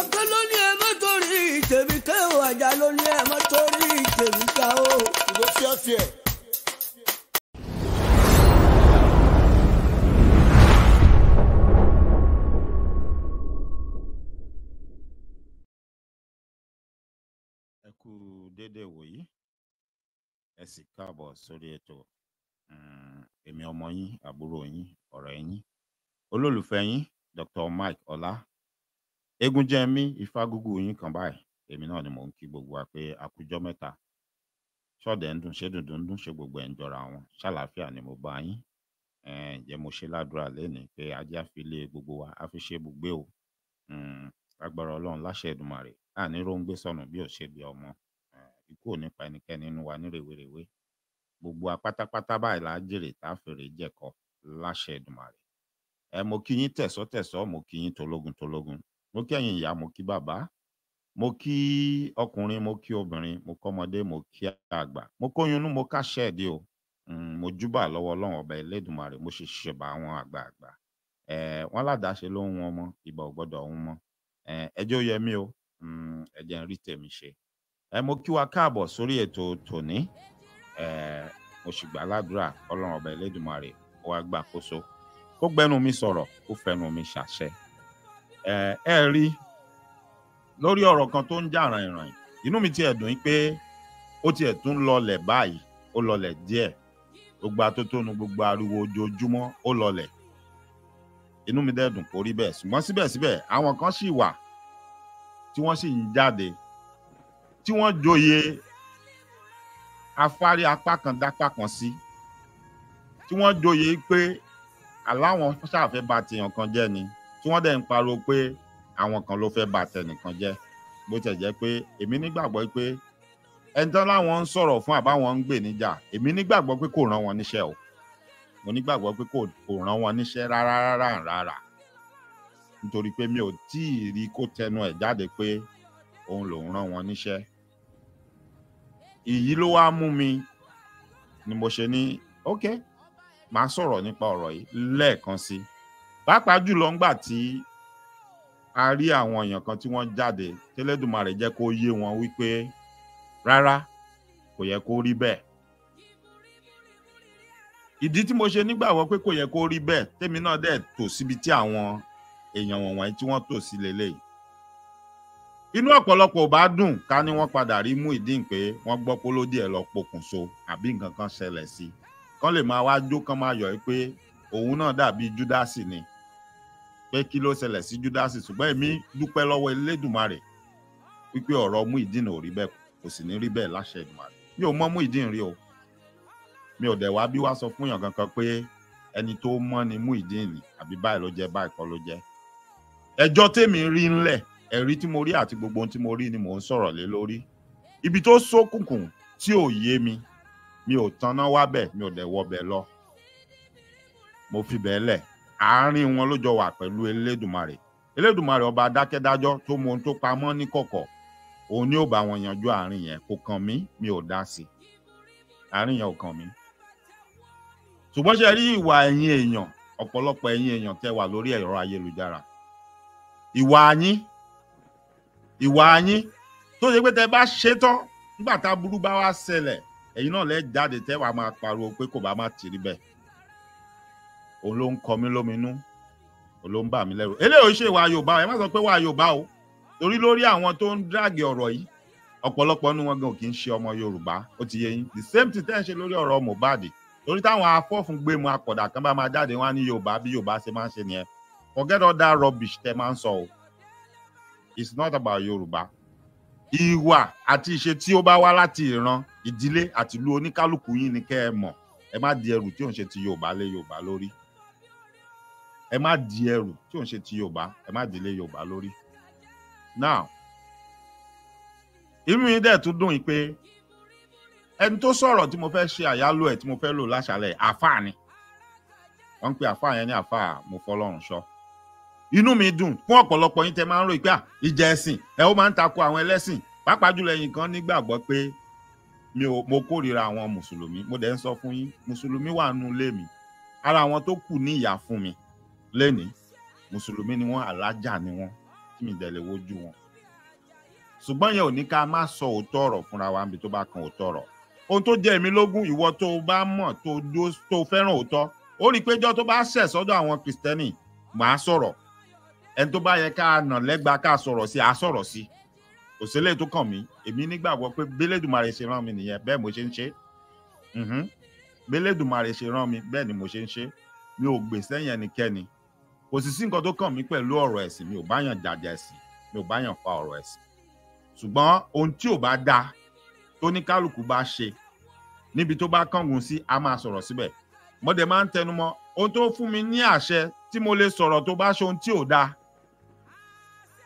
ọ̀kẹ́ ló ní ẹ mọ́ torí tèmi kẹ́ ò àjà ló ní ẹ mọ́ torí tèmi ká o. ìbò fíẹ́fíẹ́. ẹ wòyí ẹ sì káàbọ̀ sórí ètò mm, èmi ọmọ yín àbúrò yín ọ̀rẹ́ yín olólùfẹ́ yín Dr. Mike Ọlá Egúnjẹmí Ifágúgù yín kan báyìí èmi náà ni mò ń kí gbogbo wa pé àkújọ mẹ́ta ṣọdẹ ń dùn ṣé dùndùn ń dùn ṣé gbogbo ẹ ń jọra wọn ṣàlàáfíà ni mo bá yín ǹjẹ́ mo ṣe ládùúrà lẹni pé ajé àfilé gbogbo wa á fi ṣe ibùgbé o agbára hmm, Ọlọ́run láṣẹ Èdùmàrè àní róńgbé sọnù bí ò ṣe bí ọmọ ikú ò ní pa ẹnikẹ́ni nínú wa ní rèwerèwe gbogbo apátápátá báyìí là jèrè tá a fèrè jẹkọ láṣẹ Èdùmàrè ẹ mo kí yín tẹ̀sọ́ tẹ̀sọ́ mo kí yín tológun tológun mo kí ẹ̀yin ìyá mo kí bàbá mo kí ọkùnrin mo kí obìnrin mo kọ́mọdé mo kí àgbà mo kóyunnú mo káṣẹ ẹdí o mo júbà lọ́wọ́ Ọlọ́run ọba Elédùmarè mo sì ṣèbà àwọn àgbààgbà wọn ládàáṣe ló ń wọn mọ ìbà ò gbọ́dọ̀ ń mọ ẹjẹ ó yẹ mí o ẹjẹ ń rí tèmi ṣe mo kí wa káàbọ̀ sórí ètò tòní mo sì gbà ládùúrà Ọlọ́run ọba Elédùmarè ó wá gbàkóso kó gbẹnu mi sọ̀rọ̀ kó fẹnu mi ṣàṣẹ ẹ rí lórí ọ̀rọ̀ kan tó ń jà ràìnràìn inú mi tiẹ̀ dùn pé ó tiẹ̀ tún lọlẹ̀ báyìí ó lọlẹ̀ díẹ̀ gbogbo atótónu gbogbo ariwo ojoojúmọ́ ó lọlẹ̀ inú mi dẹ̀ dùn kó rí bẹ́ẹ̀ ṣùgbọ́n síbẹ̀síbẹ̀ àwọn kan sì wà tí wọ́n sì ń jáde tí wọ́n joyè afárí apá kan dápá kan sí tí wọ́n joyè pé aláwọn ṣàfẹ́ bá tèèyàn kan jẹ́ ni tí wọ́n dẹ̀ ń pariwo pé àwọn kan ló fẹ́ bà tẹnìkan jẹ́ bó tẹ̀ jẹ́ pé èmi nígbàgbọ́ pé ẹni tán láwọn ń sọ̀rọ̀ fún àbáwọn ń gbè níjà èmi nígbàgbọ́ pé kò rán wọn níṣẹ́ o mo nígbàgbọ́ pé kò rán wọn níṣẹ́ rárá rárá rárá nítorí pé mi ò tí ì rí kó tẹnu ẹ̀ jáde pé òun lòún rán wọn níṣẹ́ èyí ló wá mú mi ni mo ṣe ní ok màá sọ̀rọ̀ nípa ọ̀rọ̀ yìí lẹ́ẹ̀kan sí i pàápàá jùlọ ńgbà tí a rí àwọn èèyàn kan tí wọ́n jáde tẹ́lẹ̀dùmarè jẹ́ kó yé wọn wípé rárá kò yẹ kó rí bẹ́ẹ̀ ìdí tí mo ṣe nígbàgbọ́ pé kò yẹ kó rí bẹ́ẹ̀ tèmi náà dẹ̀ tò síbi tí àwọn èèyàn wọ̀nyí tí wọ́n tò sí lélẹ́yìí inú ọ̀pọ̀lọpọ̀ ò bá dùn ká ní wọ́n padà rí Muyideen pé wọ́n gbọ́ pé ló díẹ̀ lọ pokùnso àbí nǹkan kan ṣẹlẹ̀ sí kán lè máa wá jó kán máa yọ̀ pé òun náà dàbí júdásì ni pé kí ló ṣẹlẹ̀ sí júdásì ṣùgbọ́n èmi dúpẹ́ lọ́wọ́ elédùnmarè wípé ọ̀rọ̀ Muyideen ò rí bẹ́ẹ̀ kò sì ní rí bẹ́ẹ̀ láṣẹ Èdùmàrè mi ò mọ Muyideen rí o mi ò dẹ̀ wá bí wá sọ fún yàn kankan pé ẹni tó mọ́ ni Muyideen ni àbí báyìí ló jẹ́ báyìí kọ́ ló jẹ́ ẹjọ́ tèmi rí ńlẹ̀ ẹ̀rí tí mo rí àti gbogbo ohun tí mo rí ni mò ń sọ̀rọ̀ lé lórí ibi tó ṣókùnkùn tí ò yé mi mi ò tanná wá mi ò dẹ̀ wọ bẹ̀ lọ mo fi bẹ́ẹ̀ lẹ̀ àárín wọn ló jọ wà pẹ̀lú elédùnmarè elédùnmarè ọba dákẹ́dájọ́ tó mọ ohun tó pamọ́ ní kọ̀kọ̀ òun ni ó bá wọn yanjú àárín yẹn kò kàn mí mi ò dá sí àárín yẹn ò kàn mí ṣùgbọ́n ṣe rí ìwà ẹ̀yin èèyàn ọ̀pọ̀lọpọ̀ ẹ̀yin èèyàn tẹ́ wà lórí ẹ̀rọ ayélujára ìwà yín ìwà yín tó ṣe pé tẹ bá ṣetán nígbà tá burú bá wá ṣẹlẹ̀ ẹ̀yin náà lẹ jáde tẹ́ wàá máa pariwo pé kò bá má tì rí bẹ́ẹ̀ òun ló ń kọ mí lóminú òun ló ń bà mí lẹ́rù eléyìí ṣe wà Yorùbá ẹ má sọ pé wà Yorùbá o torí lórí àwọn tó ń dráàgì ọ̀rọ̀ yìí ọ̀pọ̀lọpọ̀ nínú wọn gan kì í ṣe ọmọ Yorùbá ó ti yé yín the same thing tẹ́ ń ṣe lórí ọ̀rọ̀ Mohbad torí táwọn afọ́fúngbẹ̀mù akọ̀dà kan bá máa jáde wá ní Yorùbá bí Yorùbá ṣe máa ń ṣe nìyẹn forget all that rubbish tẹ́ máa ń sọ o it's not about Yorùbá ìwà àti ìṣe tí ó bá wá láti ìran ìdílé àtìlú oníkálukú yín ni kẹ́ ẹ mọ̀ ẹ má di ẹrù tí ò ṣe ti Yorùbá lé Yorùbá lórí ẹ má di ẹrù tí ò ń ṣe ti yorùbá ẹ má délé yorùbá lórí now inú mi dẹ̀ tún dùn yìí pé ẹni tó sọ̀rọ̀ tí mo fẹ́ ṣe àyálò ẹ̀ tí mo fẹ́ lò láṣàlẹ̀ àfáà ni wọ́n ń pe àfáà yẹn ní àfáà mo fọlọ́run ṣọ́ inú mi dùn fún ọ̀pọ̀lọpọ̀ yín tẹ máa ń rò pé ìjà ẹ̀sìn ẹ ó máa ń takò àwọn ẹlẹ́sìn pàápàá jùlọ ẹ̀yin kan nígbàgbọ́ pé mo kórìíra àwọn mùsùlùmí mo dẹ̀ ń sọ fún yín mùsùlùmí wà nù lé mi ara àwọn tó kù ní ìyà fún mi lẹ́ni mùsùlùmí ni wọ́n alájà ni wọ́n tí mi dẹ̀ lè wojú wọn. ṣùgbọ́n yẹn ò ní ká má sọ òótọ́ ọ̀rọ̀ fúnra wa níbi tó bá kan òótọ́ ọ̀rọ̀ ohun tó jẹ́ èmi lógún ìwọ tó bá mọ̀ tó fẹ́ràn òótọ́ ó rí i pé jọ́ tó bá ṣẹ̀ sọ́dọ̀ àwọn kìrìsìtẹ́nì màá sọ̀rọ̀ ẹni tó bá yẹ ká nà lẹ́gbàá ká sọ̀rọ̀ sí a sọ̀rọ̀ sí òṣèlè tó kàn mí èmi nígbàgbọ́ pé bẹ́lẹ́dùmarè ṣe rán mi nìyẹn bẹ́ẹ̀ mo ṣe ń ṣe bẹ́lẹ́dùmarè ṣe rán mi bẹ́ẹ̀ ni mo ṣe ń ṣe mi ò gbè sẹ́yìn ẹnikẹ́ni kò sì sí nǹkan tó kàn mí pẹ̀lú ọ̀rọ̀ ẹ̀sìn mi ò bá yàn jàjà ẹ̀sìn mi ò bá yàn fa ọ̀rọ̀ ẹ̀sìn ṣùgbọ́n ohun tí ò bá dáa tó ní kálukú bá ṣe níbi tó bá kángun sí a máa sọ̀rọ̀ síbẹ̀ mo dẹ̀ máa ń tẹnumọ́ ohun tó fún mi ní àṣẹ tí mo lè sọ̀rọ̀ tó bá ṣe ohun tí ò dáa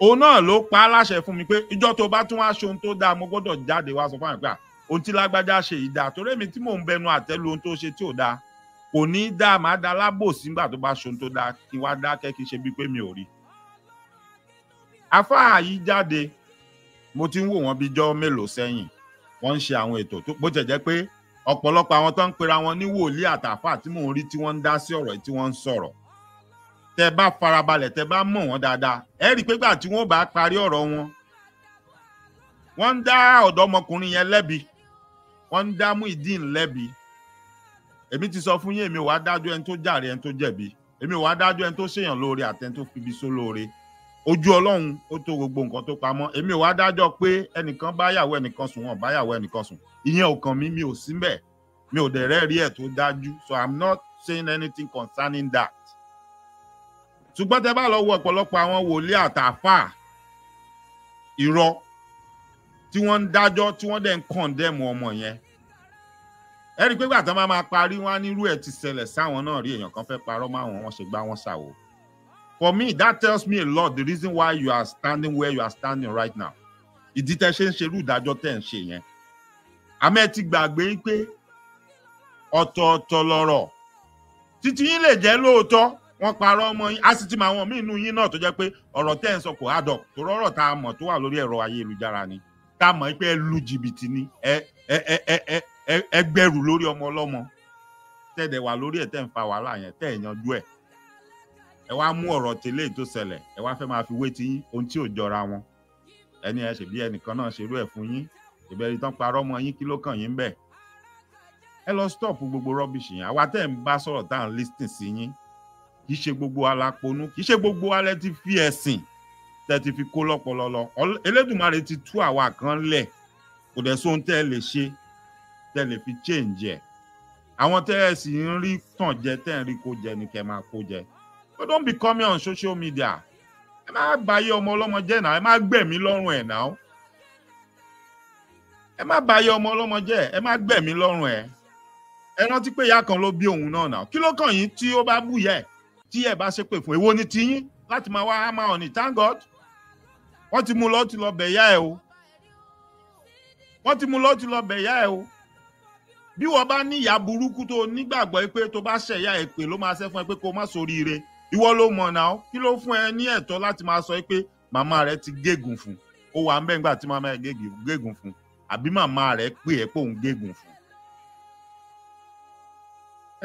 òun náà ló pa á láṣẹ fún mi pé ìjọ tó bá tún wá ṣe ohun tó dáa mo gbọ́dọ̀ jáde wá sọ fún àwọn ohun tí lágbájá ṣe ìdá torí èmi tí mò ń bẹnu àtẹ́lu ohun tó ṣe tí ò dáa kò ní í dá màá da lábòsí nígbà tó bá ṣohun tó dáa kí wá dákẹ́ kí n ṣe bíi pé mi ò rí afáà yìí jáde mo ti ń wò wọ́n bíjọ́ mélòó sẹ́yìn wọ́n ń ṣe àwọn ètò tó bó jẹ́ jẹ́ pé ọ̀pọ̀lọpọ̀ àwọn tó ń pera wọn ní wòlíì àtàfà tí mò ń rí tí wọ́n ń dá sí ọ̀rọ̀ tí wọ́n ń sọ̀rọ̀ tẹ bá farabalẹ̀ tẹ bá mọ̀ wọ́n dáadáa ẹ rí i pé gbà tí wọ́n bá parí ọ̀rọ̀ wọn wọ́n ń dá ọ̀dọ́mọkùnrin yẹn lẹ́bi wọ́n ń dá Muyideen lẹ́bi èmi ti sọ fún yín èmi wàá dájọ́ ẹni tó jàre ẹni tó jẹ̀bi èmi wàá dájọ́ ẹni tó ṣèyàn lóore àtẹni tó fibi só lóore ojú ọlọ́run ó tó gbogbo nǹkan tó pamọ́ èmi wàá dájọ́ pé ẹnìkan bá ẹnìkan sùn wọn bá ẹnìkan sùn ìyẹn ò kàn mi ò síbẹ̀ mi ò dẹ̀ rẹ́ẹ̀rí ẹ̀ tó dájú so i'm not saying anything concerning that ṣùgbọ́n tẹ bá lọ wo ọ̀pọ̀lọpọ̀ àwọn wòlíì àtàfà irọ́ tí wọ́n ń dájọ́ tí wọ́n dẹ̀ ń condemn ọmọ yẹn ẹ̀rí pé gbàtàn máa parí wọn nírú ẹ̀ ti ṣẹlẹ̀ sáwọn náà rí èèyàn kan fẹ́ parọ́ máwọn wọn ṣe gbá wọn ṣàwò for me that tells me a lot the reason why you are standing where you are standing right now ìdí tẹ́ ṣe ń ṣerú ìdájọ́ tẹ́ ń ṣe yẹn àmẹ́ gbàgbé pé ọ̀tọ̀ọ̀tọ̀ lọ̀rọ̀ títí yín lè jẹ́ lóòótọ́ wọ́n parọ́ ọmọ yín á sì ti mọ àwọn yín náà tó jẹ́ pé ọ̀rọ̀ tẹ́ ń sọ kò hádọ̀ tó rọ́rọ̀ tá a mọ̀ tó wà lórí ẹ̀rọ ayélujára ni tá a mọ̀ pé ẹ lu jìbìtì ni ẹ ẹ ẹ ẹ ẹgbẹ̀rù lórí ọmọ ọlọ́mọ tẹ̀dẹ̀ wà lórí ẹ̀ tẹ̀ ń fa wàhálà yẹn tẹ̀ ẹ̀ yanjú ẹ̀ ẹ wá mú ọ̀rọ̀ tẹ́lẹ̀ tó ṣẹlẹ̀ ẹ wá fẹ́ máa fi wé ti yín ohun tí ò jọra wọn ẹni ẹ ṣèbí ẹnìkan náà ṣerú ẹ̀ fún yín ìbẹ̀rù tán parọ́ mọ́ yín kí ló kàn yín bẹ́ẹ̀ ẹ lọ stop gbogbo rubbish yẹn àwa tẹ́ ń bá sọ̀rọ̀ tá à ń listen sí yín kì í ṣe gbogbo aláponú kì í ṣe gbogbo alẹ́ ti fi ẹ̀sìn tẹ́ ti fi kó lọ́pọlọ lọ Elédùmarè ti tú àwa kan lẹ̀ kò dẹ̀ sóhun tẹ́ ẹ lè ṣe tẹ́ lè fi change ẹ̀ àwọn tẹ́ ẹ sì ń rí tàn jẹ tẹ́ ẹ ń rí kó jẹ ni kẹ́ máa kó jẹ but don't be coming on social media ẹ má báyé ọmọ ọlọ́mọ jẹ́ náà ẹ má gbẹ̀mí lọ́rùn ẹ̀ náà ẹ má báyé ọmọ ọlọ́mọ jẹ́ ẹ má gbẹ̀mí lọ́rùn ẹ̀ ẹ rántí pé ìyá kan ló bí òun náà náà kí ló kàn yín tí ó bá bù yẹ tí ẹ bá ṣépè fún èwo ni tiyín láti máa wá hámà ọ̀nì thank God wọ́n ti mú lọ ti lọ bẹ̀ yá o wọ́n ti mú lọ ti lọ bẹ̀ yá o bí wọ́n bá ní ìyá burúkú tó nígbàgbọ́ pé tó bá ṣẹ̀yà èpè ló máa ṣe fún ẹ pé kó má soríire ìwọ ló mọ̀ náà kí ló fún ẹ ní ẹ̀tọ́ láti máa sọ pé màmá rẹ ti gégùn fún ó wà ń bẹ́ẹ̀ nígbà tí màmá rẹ gégùn fún àbí màmá rẹ pè ẹ́ pé òun gégùn fún.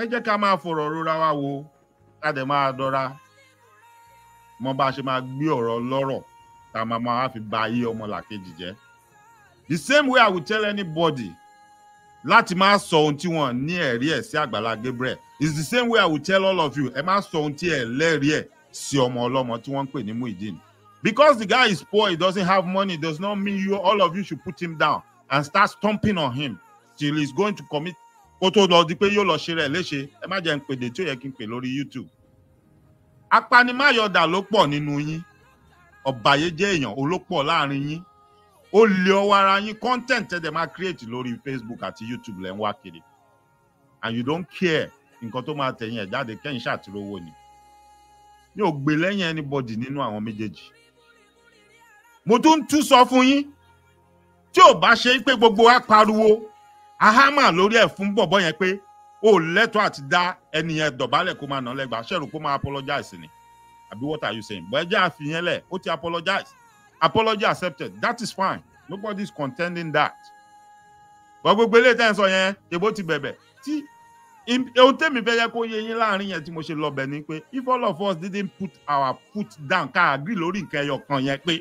ẹ jẹ́ ká máa fọ̀rọ̀ rora wa wo ká dẹ̀ máa dọ́ra mọ bá a ṣe máa gbé ọ̀rọ̀ lọ́rọ̀ tá a máa máa fi ba ayé ọmọ làkejì jẹ́ the same way I would tell anybody láti ma sọ ohun wọn ní ẹ̀rí ẹ̀ sí àgbàlá Gabriel it's the same way I will tell all of you ẹ má sọ ohun ẹ ẹ̀ sí ọmọ ọlọ́mọ tí wọ́n pè ní muidin. because the guy is poor he doesn't have money does not mean you all of you should put him down and start stomping on him till he's going to commit kó tó lọ di pé yóò lọ ṣe rẹ̀ léṣe ẹ má jẹ́ n pèdè tí ó yẹ kí pè lórí YouTube apanimáyọ̀dà ló pọ̀ nínú yín ọ̀bàyéjẹ́ èèyàn olópọ̀ láàrin yín ó lè ọwọ́ ara yín content ẹ̀ dẹ̀ máa create lórí Facebook àti YouTube lẹ́ ń wá kiri and you don't care nǹkan tó máa tẹ̀yìn ẹ̀ jáde kẹ́yìn ṣàtìrówó ni mi ò gbè lẹ́yìn anybody nínú àwọn méjèèjì mo tún ń tún sọ fún yín tí ò bá ṣe pé gbogbo wa pariwo ahama lórí ẹ̀ fún bọ̀bọ̀ yẹn pé ó lẹ́tọ̀ọ́ àti dá ẹni yẹn dọ̀bálẹ̀ kó máa nà lẹ́gbàá ṣẹ́rù kó máa apologize ni àbí what are you saying bọ́ ẹ jẹ́ àfihàn lẹ̀ ó ti apologize apology accepted that is fine nobody is contending that but gbogbo eléyìí tẹ́ ń sọ yẹn èbó ti bẹ̀bẹ̀ tí ohun tẹ́mi fẹ́ yẹ kó yé yín láàrin yẹn tí mo ṣe lọ bẹ̀ ni pé if all of us didn't put our foot down ká agree lórí nǹkan ẹyọ kan yẹn pé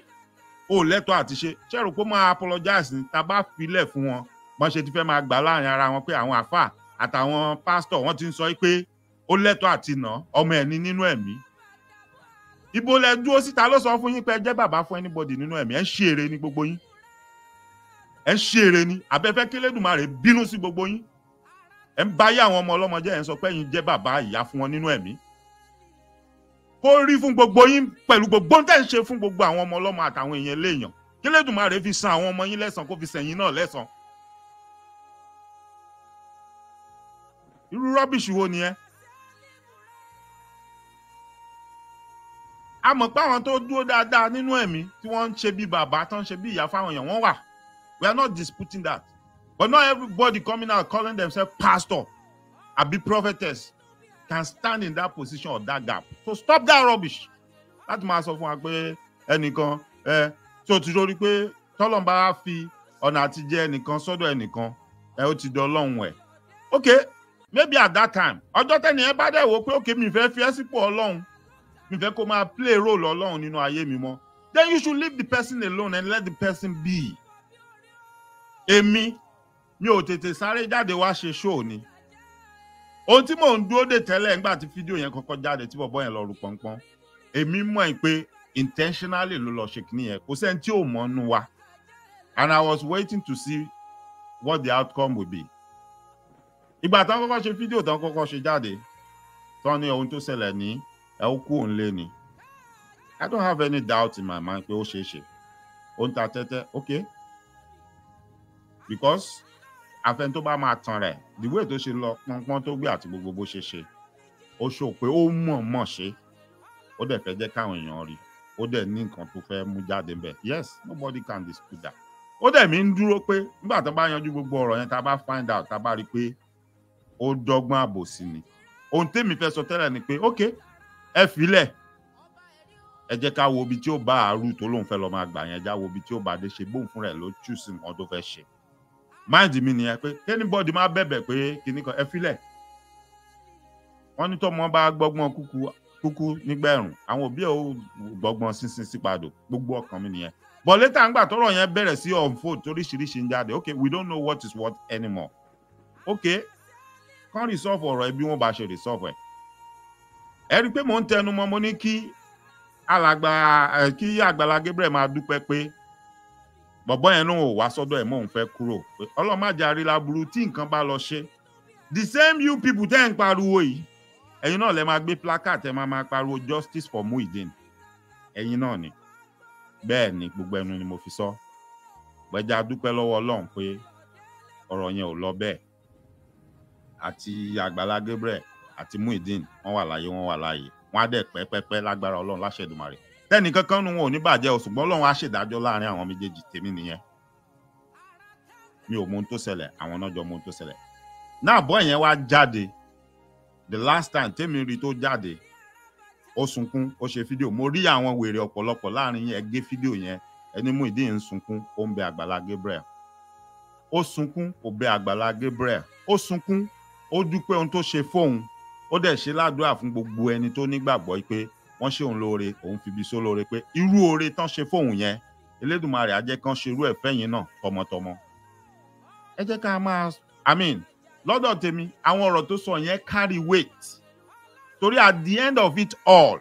o lẹ́tọ̀ọ́ àti ṣe ṣẹ́rù pé máa apologize ní ta bá filẹ̀ fún wọn wọ́n ṣe ti fẹ́ máa gbà láàrin ara wọn pé àwọn àfà àtàwọn pásítọ̀ wọ́n ti ń sọ pé ó lẹ́tọ̀ọ́ àti nà ọmọ ẹni nínú ẹ̀mí ibo lẹ dúró síta ló sọ fún yín pé ẹ jẹ́ bàbá fún anybody nínú ẹ̀mí ẹ ń ṣe èrè ní gbogbo yín ẹ ń ṣe èrè ní abẹ́fẹ́ kílẹ̀dùmarè bínú sí gbogbo yín ẹ ń báyé àwọn ọmọ ọlọ́mọ jẹ́ ẹ ń sọ pé ẹ̀yin jẹ́ bàbá ìyá fún wọn nínú ẹ̀mí kó rí fún gbogbo yín pẹ̀lú gbogbo ń tẹ̀ ń ṣe fún gbogbo àwọn ọmọ ọlọ́mọ àtàwọn èèyàn léèyàn kílẹ̀dùmarè fi san àwọn ọmọ yín lẹ́san kó fi sẹ̀yìn náà lẹ́san irú rọ́bìṣì wo ni ẹ́ a mọ̀ pé àwọn tó dúró dáadáa nínú ẹ̀mí tí wọ́n ń ṣe bí bàbá tó ń ṣe bí ìyá fáwọn èèyàn wọ́n wà we are not disputing that but not everybody coming out calling themselves pastor abi prophetess can stand in that position or that gap so stop that rubbish láti máa sọ fún wa pé ẹnìkan ẹ tí o ti rí pé tọ́lọ̀ bá fi ọ̀nà àti jẹ ẹnìkan sọ́dọ̀ ẹnìkan ẹ ó ti di ọlọ́run ẹ̀ okay maybe at that time ọjọ́ tẹ́ni ẹ bá dẹ̀ wò pé òkè mi fẹ́ fi ẹ́ sípò ọlọ́run fẹ́ kó máa play role ọlọ́run nínú ayé mi mọ́ then you should leave the person alone and let the person be èmi mi ò tètè sáré jáde wá ṣe show ni ohun tí mò ń dúró dè tẹ́lẹ̀ ńgbà tí fídíò yẹn kọ́kọ́ jáde tí bọ̀bọ́ yẹn lọ rù pọ́npọ́n èmi mọ̀ ẹ́ pé intentionally ló lọ ṣe kìíní yẹn kò sẹ́ni tí ò mọ̀ nù wa and I was waiting to see what the outcome would be ìgbà tán kọ́kọ́ ṣe fídíò tán kọ́kọ́ ṣe jáde tán ní ohun tó ṣẹlẹ̀ ní ẹ ó kú òun lé ni i don't have any doubt in my mind pé ó ṣeé ṣe ó ń ta tẹ́tẹ́ ok because àfẹn tó bá máa tan rẹ̀ the way tó ṣe lọ pọnpọ́n tó gbé àti gbogbo bó ṣe ṣe ó ṣó pé ó mọ̀ mọ̀ ṣe ó dẹ̀ fẹ́ jẹ́ káwọn èèyàn rí ó dẹ̀ ní nǹkan tó fẹ́ mú jáde bẹ́ẹ̀ yes nobody can dispute that ó dẹ̀ mí ń dúró pé nígbà tó bá yanjú gbogbo ọ̀rọ̀ yẹn tá a bá find out tá a bá rí i pé ó dọ́gbọ́n àbòsí ni ohun tèmi fẹ́ sọ tẹ́lẹ̀ ni pé okay ẹ filẹ̀ ẹ jẹ́ ká wo ibi tí ó bá àárù tó lóun fẹ́ lọ máa gbà yẹn já wo ibi tí ó bá dé ṣe bóun fúnra ẹ̀ ló chù sí nǹkan tó fẹ́ ṣe mind mi nìyẹn pé anybody má bẹ̀bẹ̀ pé kinní kan ẹ filẹ̀ wọ́n ní tọ́mọ bá gbọ́gbọ́n kúkú kúkú nígbà ẹ̀rùn àwọn òbí ẹ̀ ó gbọ́gbọ́n sípadò gbogbo ọkàn mi nìyẹn but later ń gbà tọ́rọ̀ yẹn bẹ̀rẹ̀ sí unfold toríṣiríṣi ń jáde okay we don't know what is what anymore okay kán resolve ọ̀rọ̀ ẹ bí bá ṣe resolve ẹ̀ ẹ rí i pé mò ń tẹnu mọ́ mo ní kí alàgbà kí àgbàlá Gabriel máa dúpẹ́ pé bọ̀bọ́ yẹn náà ò wá sọ́dọ̀ ẹ̀ mọ́ òun fẹ́ kúrò ọlọ́màjàre láburú tí nǹkan bá lọ ṣe the same you people tẹ́ ń pariwo yìí ẹ̀yin náà lẹ máa gbé placard ẹ máa máa pariwo justice for Muideen ẹ̀yin náà ni bẹ́ẹ̀ ni gbogbo ẹnu ni mo fi sọ gbẹjà dúpẹ́ lọ́wọ́ Ọlọ́run pé ọ̀rọ̀ yẹn ò lọ bẹ́ẹ̀ àti Àgbàlá Gabriel àti Muideen wọ́n wà láyé wọ́n wà láàyè wọ́n á dẹ̀ pẹ́pẹ́pẹ́ lágbára Ọlọ́run láṣẹ Èdùmàrè tẹ́nì kankan nu wọn ò ní bàjẹ́ o ṣùgbọ́n Ọlọ́run á ṣèdájọ́ láàrin àwọn méjèèjì tèmi nìyẹn mi ò mọ ohun tó ṣẹlẹ̀ àwọn náà jọ mọ ohun tó ṣẹlẹ̀ náà bọ́ yẹn wá jáde the last time tèmi rí tó jáde ó sunkún ó ṣe fídíò mo rí àwọn wèrè ọ̀pọ̀lọpọ̀ láàrin yẹn gé fídíò yẹn ẹni Muideen ń sunkún ó ń bẹ Àgbàlá Gabriel ó sunkún ó bẹ Àgbàlá Gabriel ó sunkún ó dúpẹ́ ohun tó ṣe fóun ó dẹ̀ ṣe ládùúrà fún gbogbo ẹni tó nígbàgbọ́ pé wọ́n ṣe òun lóore òun fi ibi só lóore pé irú oore tán ṣe fóun yẹn Elédùmarè á jẹ́ kán ṣe irú ẹ̀ fẹ́yìn náà tọmọtọmọ ẹ jẹ́ ká máa i mean lọ́dọ̀ tèmi àwọn ọ̀rọ̀ tó sọ yẹn carry weight torí at the end of it all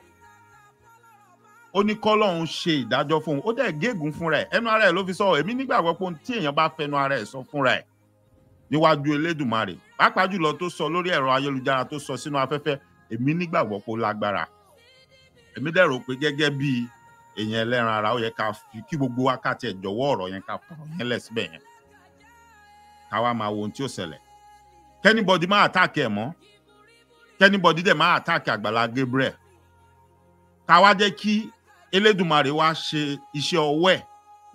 ó ní kọ́lọ́hún ṣe ìdájọ́ fóun ó dẹ̀ gégùn fúnra ẹ̀ ẹnu ara ẹ̀ ló fi sọ èmi nígbàgbọ́ pé ohun tí èèyàn bá fẹnu ara ẹ̀ sọ fúnra ẹ̀ níwájú Elédùmarè pàápàá jùlọ tó sọ lórí ẹ̀rọ ayélujára tó sọ sínú afẹ́fẹ́ èmi nígbàgbọ́ pé ó lágbára èmi dẹ̀ rò pé gẹ́gẹ́ bí èèyàn ẹlẹ́ran ara ó yẹ ká fi kí gbogbo wa ká tiẹ̀ jọ̀wọ́ ọ̀rọ̀ yẹn ká fọ̀rọ̀ yẹn lẹ̀ síbẹ̀ yẹn ká wá máa wo ohun tí ó ṣẹlẹ̀ kẹ́nìbọ̀dì máa àtàkì ẹ̀ mọ́ kẹ́nìbọ̀dì dẹ̀ máa àtàkì Àgbàlá Gabriel ká wá jẹ́ kí Elédùmarè wá ṣe iṣẹ́ ọwọ́ ẹ̀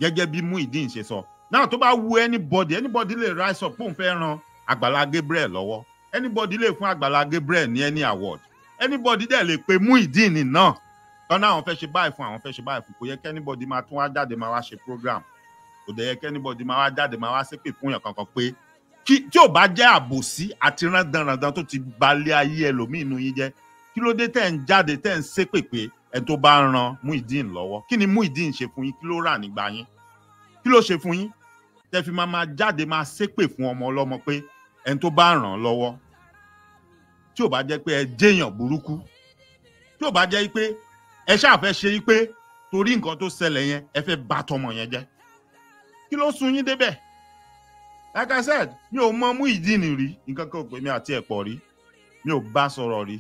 gẹ́gẹ́ bí Muyideen ṣe sọ náà tó bá wu anybody anybody lè rise up òun fẹ́ ràn àgbàlá Gabriel lọ́wọ́ anybody lè fún àgbàlá Gabriel ní any award anybody dẹ̀ lè pe Muyideen náà lọ́nà àwọn fẹ́ ṣe báyìí fún àwọn fẹ́ ṣe báyìí fún kò yẹ kí anybody máa tún wá jáde máa wá ṣe program kò dẹ̀ yẹ kí anybody máa wá jáde máa wá ṣépè fún yàn kankan pé kí tí ò bá jẹ́ àbòsí àti rándanrandan tó ti balẹ̀ ayé ẹlòmíín nu yín jẹ́ kí ló dé tẹ̀ ń jáde tẹ̀ ń ṣépè pé ẹ tó bá ń ran Muyideen lọ́wọ́ kí ni Muyideen ṣe fún yín kí ló rà nígbà yín kí ló ṣe fún yín tẹ́ fi máa máa jáde máa ṣépè fún ọmọ ọlọ́mọ pé ẹni tó bá ràn án lọ́wọ́ tí ò bá jẹ́ pé ẹ jẹ́yàn burúkú tí ò bá jẹ́ pé ẹ ṣáà fẹ́ ṣe pé torí nǹkan tó ṣẹlẹ̀ yẹn ẹ fẹ́ bà tọmọ yẹn jẹ́ kí ló sun yín débẹ̀ like i said mi ò mọ Muyideen rí nǹkan kan ò pé mi àti ẹ̀pọ̀ rí mi ò bá sọ̀rọ̀ rí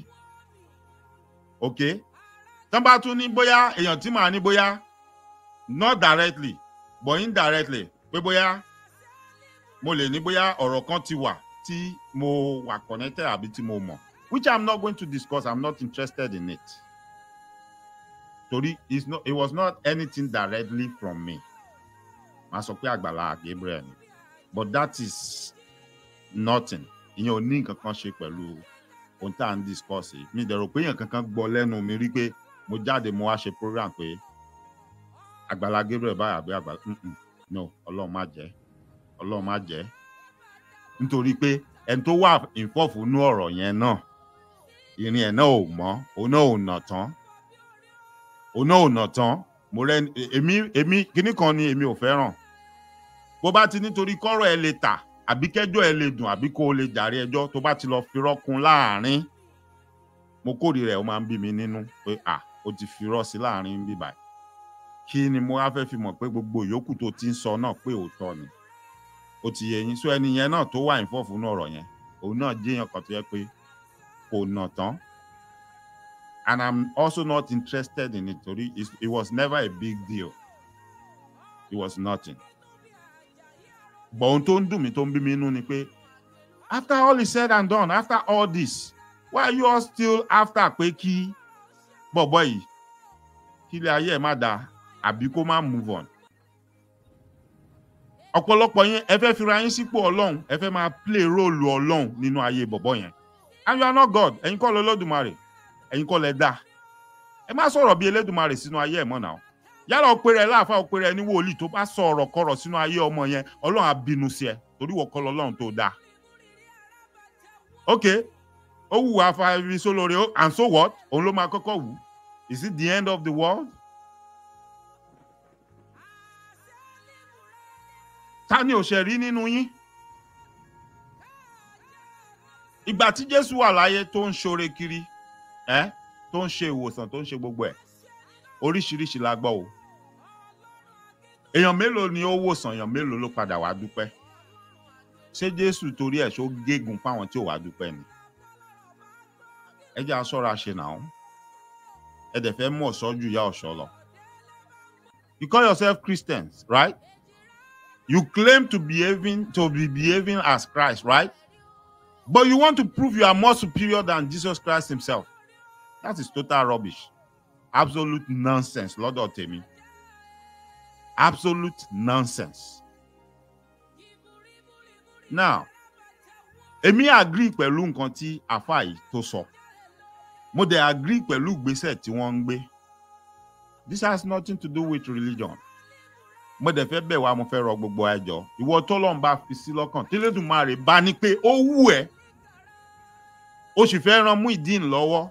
ok tán bá tún ní bóyá èèyàn tí màá ní bóyá not directly but indirectly pé bóyá mo lè ní bóyá ọ̀rọ̀ kan ti wà tí mo wà connected àbí tí mo mọ̀ which i'm not going to discuss i'm not interested in it torí it's not it was not anything directly from me màá sọ pé Àgbàlá Gabriel ni but that is nothing ìyẹn ò ní nǹkan kan ṣe pẹ̀lú ohun tá à ń discuss it. mi dẹ̀rọ pé èèyàn kankan gbọ́ lẹ́nu mi rí pé mo jáde mo wá ṣe program pé Àgbàlá Gabriel báyà bí Àgbàlá no ọlọ́run má jẹ́ ọlọ́run má jẹ́ nítorí pé ẹni tó wà ìfọ̀fù nú ọ̀rọ̀ yẹn náà ìrìn ẹ̀ náà ò mọ́ òun náà ò nà tán òun náà ò nà tán mo rẹ èmi èmi kíní kan ni èmi ò fẹ́ràn bó bá ti nítorí kọ́rọ̀ ẹ lè tà àbí kẹ́jọ́ ẹ lè dùn àbí kó o lè jàre ẹjọ́ tó bá ti lọ firọ́ kun láàrin mo kórìíra ẹ̀ ó máa ń bí mi nínú pé à ó ti firọ́ sí láàrin bíbáyìí kí ni mo wá fẹ́ fi mọ̀ pé gbogbo ìyókù tó ti ń sọ náà pé òótọ́ ni ó ti yẹ yín sọ ẹni yẹn náà tó wà ìfọ̀fù náà ọ̀rọ̀ yẹn òun náà jẹ́yàn kan tó yẹ pé kò nà tán and i'm also not interested in it torí it was never a big deal it was nothing but ohun tó ń dùn mí tó ń bí mi inú ni pé after all is said and done after all this why are you all still after pé kí bọ̀bọ̀ yìí kí ilé ayé ẹ̀ má dáa àbí kó má move on ọ̀pọ̀lọpọ̀ yín ẹ fẹ́ fira yín sípò ọlọ́run ẹ fẹ́ máa play role ọlọ́run nínú ayé bọ̀bọ̀ yẹn and you are not God ẹ̀yin kọ́ lọ́lọ́dùmarè ẹ̀yin kọ́ lẹ dá ẹ má sọ̀rọ̀ bí elédùmarè sínú ayé ẹ̀ mọ́ náà yálà ó pèrè láàfáà ó pèrè ní wòlíì tó bá sọ ọ̀rọ̀ kọ̀rọ̀ sínú ayé ọmọ yẹn ọlọ́run á bínú sí ẹ torí wọ́n kọ́ lọ́lọ́run tó dáa ok ó wù wá fa irin sólórí and so what òun ló máa kọ́kọ́ wù is it the end of the world ta ni òṣè rí nínú yín ìgbà tí Jésù wà láyé tó ń ṣore kiri ẹ tó ń ṣe ìwòsàn tó ń ṣe gbogbo ẹ oríṣiríṣi la gbọ́ o èèyàn mélòó ni ó wòsàn èèyàn mélòó ló padà wá dúpẹ́ ṣé Jésù torí ẹ̀ ṣó gégùn fáwọn tí ò wá dúpẹ́ ni ẹ jẹ́ a ṣe nà ẹ dẹ̀ fẹ́ mú ọ̀ṣọ́ ju ìyá ọ̀ṣọ́ lọ you call yourself Christians right. You claim to behaving to be behaving as Christ, right? But you want to prove you are more superior than Jesus Christ himself. That is total rubbish. Absolute nonsense, Lord Otemi. Absolute nonsense. Now, emi agree pẹ̀lú nǹkan tí àfáà yìí tó sọ. Mo dẹ̀ agree pẹ̀lú ìgbésẹ̀ tí wọ́n ń gbé. This has nothing to do with religion mo dẹ̀ fẹ́ bẹ̀ wá mo fẹ́ rọ gbogbo ẹjọ́ ìwọ tọ́lọ́run bá fi sí lọ́kàn tí Elédùmarè bá ní pé ó wù ẹ́ o sì fẹ́ ran Muyideen lọ́wọ́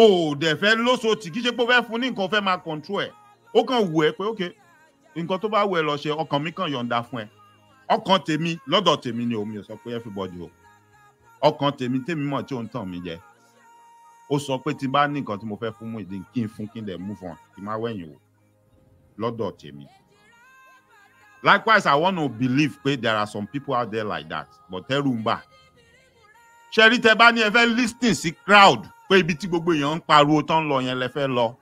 o ò dẹ̀ fẹ́ lóṣooṣì kí ṣe pé ó fẹ́ fún ní nǹkan fẹ́ máa control ẹ̀ ó kàn wù ẹ́ pé ok nǹkan tó bá wù ẹ́ lọ ṣe ọkàn mi kàn yọ̀ǹda fún ẹ ọkàn tèmi lọ́dọ̀ tèmi ni omi ò sọ pé everybody o ọkàn tèmi tèmi mọ̀ tí ò ń tàn mí jẹ ó sọ pé tí n bá ní nǹkan tí mo fẹ́ fún Muyideen kí n fún kí n dẹ̀ move on kí n má wẹ̀yìn o lọ́dọ̀ tèmi likewise i want to believe pé there are some people out there like that but ẹrù ń bà ṣe rí tẹ bá lis ten sí crowd pé ibi tí gbogbo èèyàn ń pariwo tán ń lọ yẹn lẹ fẹ́ lọ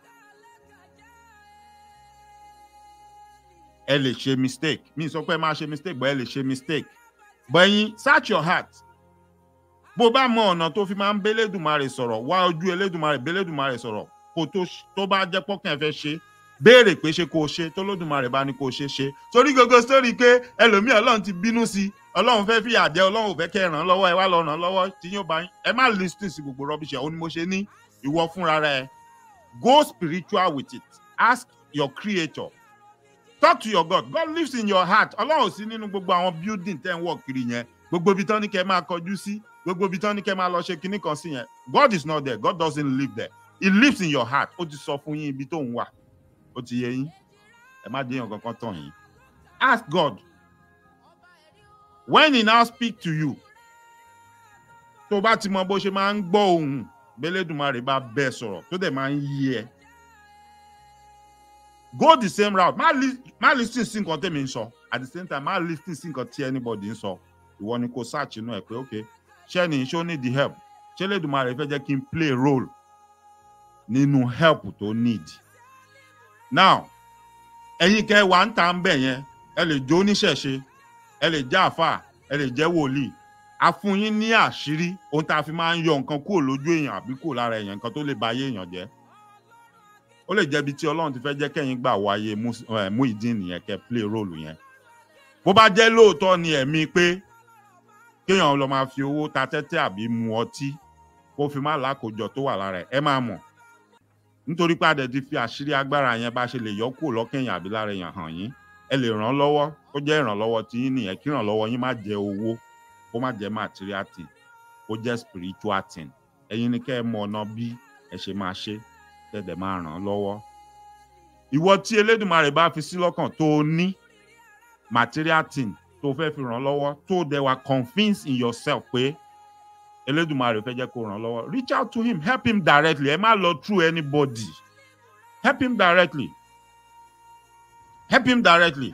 ẹ lè mistake mi sọ pé ẹ máa mistake but ẹ lè ṣe mistake but ẹ̀yin search your heart bó bá mọ ọ̀nà tó fi máa ń bẹ́lẹ́dùmarè sọ̀rọ̀ wá ojú ẹlẹ́dùmarè bẹ́lẹ́dùmarè sọ̀rọ̀ kó tó bá jẹ́ pọ́kàn ẹ fẹ́ béèrè pé ṣé kò ṣe t'Olódùmarè bá ní kò ṣe ṣe torí gbogbo sórí pé ẹlòmíì ọlọ́run ti bínú sí ọlọ́run fẹ́ fi àjẹ ọlọ́run ò fẹ́ ràn lọ́wọ́ ẹ wá lọ ràn tí yóò bá ẹ má listen sí gbogbo rubbish ẹ̀ ó mo ṣe ní ìwọ fúnra rẹ go spiritual with it ask your creator talk to your God God lives in your heart ọlọ́run sí nínú gbogbo àwọn building ten work wọ̀ kiri yẹn gbogbo ibi tán ní kẹ́ máa kọjú sí gbogbo ibi tán ní kẹ́ máa lọ ṣe kinní kan sí yẹn God is not there God doesn't live there he lives in your heart ó ti sọ fún yín ibi tó ń wà ó ti yẹ yín ẹ má jẹ́ èèyàn kankan tàn yín ask God when he now speak to you tó bá ti mọ bó ṣe máa ń gbọ́ ohùn bẹ́lẹ́dùmarè bá bẹ́ẹ̀ sọ̀rọ̀ tó dẹ̀ máa ń yí ẹ go the same route má lis má listen sí nǹkan tèmi ń sọ at the same time má listen sí nǹkan tí anybody ń sọ ìwọ ni kò search inú ẹ pé ok ṣé ni ṣó need the help ṣé lẹ́dùnmarè fẹ́ jẹ́ kí n play role nínú help tó need now ẹ̀yin kẹ́ wà ń ta ń bẹ̀ yẹn ẹ lè jó oníṣẹ̀ṣe ẹ lè jẹ́ àáfàá ẹ lè jẹ́ wòlíì a fún yín ní àṣírí ohun tá a fi máa ń yọ nǹkan kúrò lójú èèyàn àbí kúrò lára èèyàn nǹkan tó lè ba ayé èèyàn jẹ́ ó lè jẹ́bi tí Ọlọ́run ti fẹ́ jẹ́ kẹ́yìn gbà wọ ayé Muyideen eh, nìyẹn kẹ́ play role yẹn bó bá jẹ́ lóòótọ́ ni ẹ̀mí pé kéèyàn lọ máa fi owó ta tẹ́tẹ́ àbí mu ọtí kó fi má lákòjọ tó wà lára ẹ̀ ẹ máa mọ̀ nítorí pé àdẹ̀ ti fi àṣírí agbára yẹn bá ṣe lè yọ kúrò lọ́kẹ̀yìn àbí lára èèyàn hàn yín ẹ lè ràn án lọ́wọ́ kó jẹ́ ìrànlọ́wọ́ tí yín nìyẹn kí ìrànlọ́wọ́ yín má jẹ́ owó kó má jẹ́ material thing kó jẹ́ spiritual thing ẹ̀yin ni kẹ́ ẹ mọ ọ̀nà bí ẹ ṣe máa ṣe tẹ̀dẹ̀ máa ràn án lọ́wọ́ ìwọ tí Elédùmarè bá fi sí lọ́kàn tó o ní material thing tó o fẹ́ fi ràn án lọ́wọ́ tó o dẹ̀ convince in yourself pé Elédùmarè fẹ́ jẹ́ kó ràn lọ́wọ́ reach out to him help him directly ẹ má lọ through anybody help him directly help him directly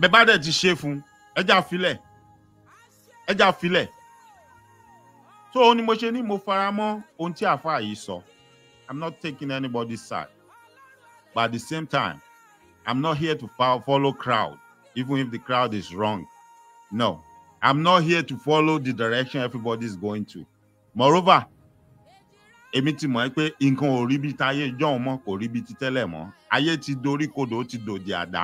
bẹ́ẹ̀ bá dẹ̀ ti ṣe fún ẹja filẹ̀ ẹja filẹ̀ so òun ni mo ṣe ní mo fara mọ́ ohun tí àáfàá yìí sọ I'm not taking anybody's side but at the same time I'm not here to follow crowd even if the crowd is wrong no I'm not here to follow the direction everybody is going to. Moreover, èmi ti mọ̀ pé nǹkan ò rí bí táyé jọ̀hún mọ́ kò rí bí ti tẹ́lẹ̀ mọ́. Ayé ti dorí kodò ó ti dòdì àdá.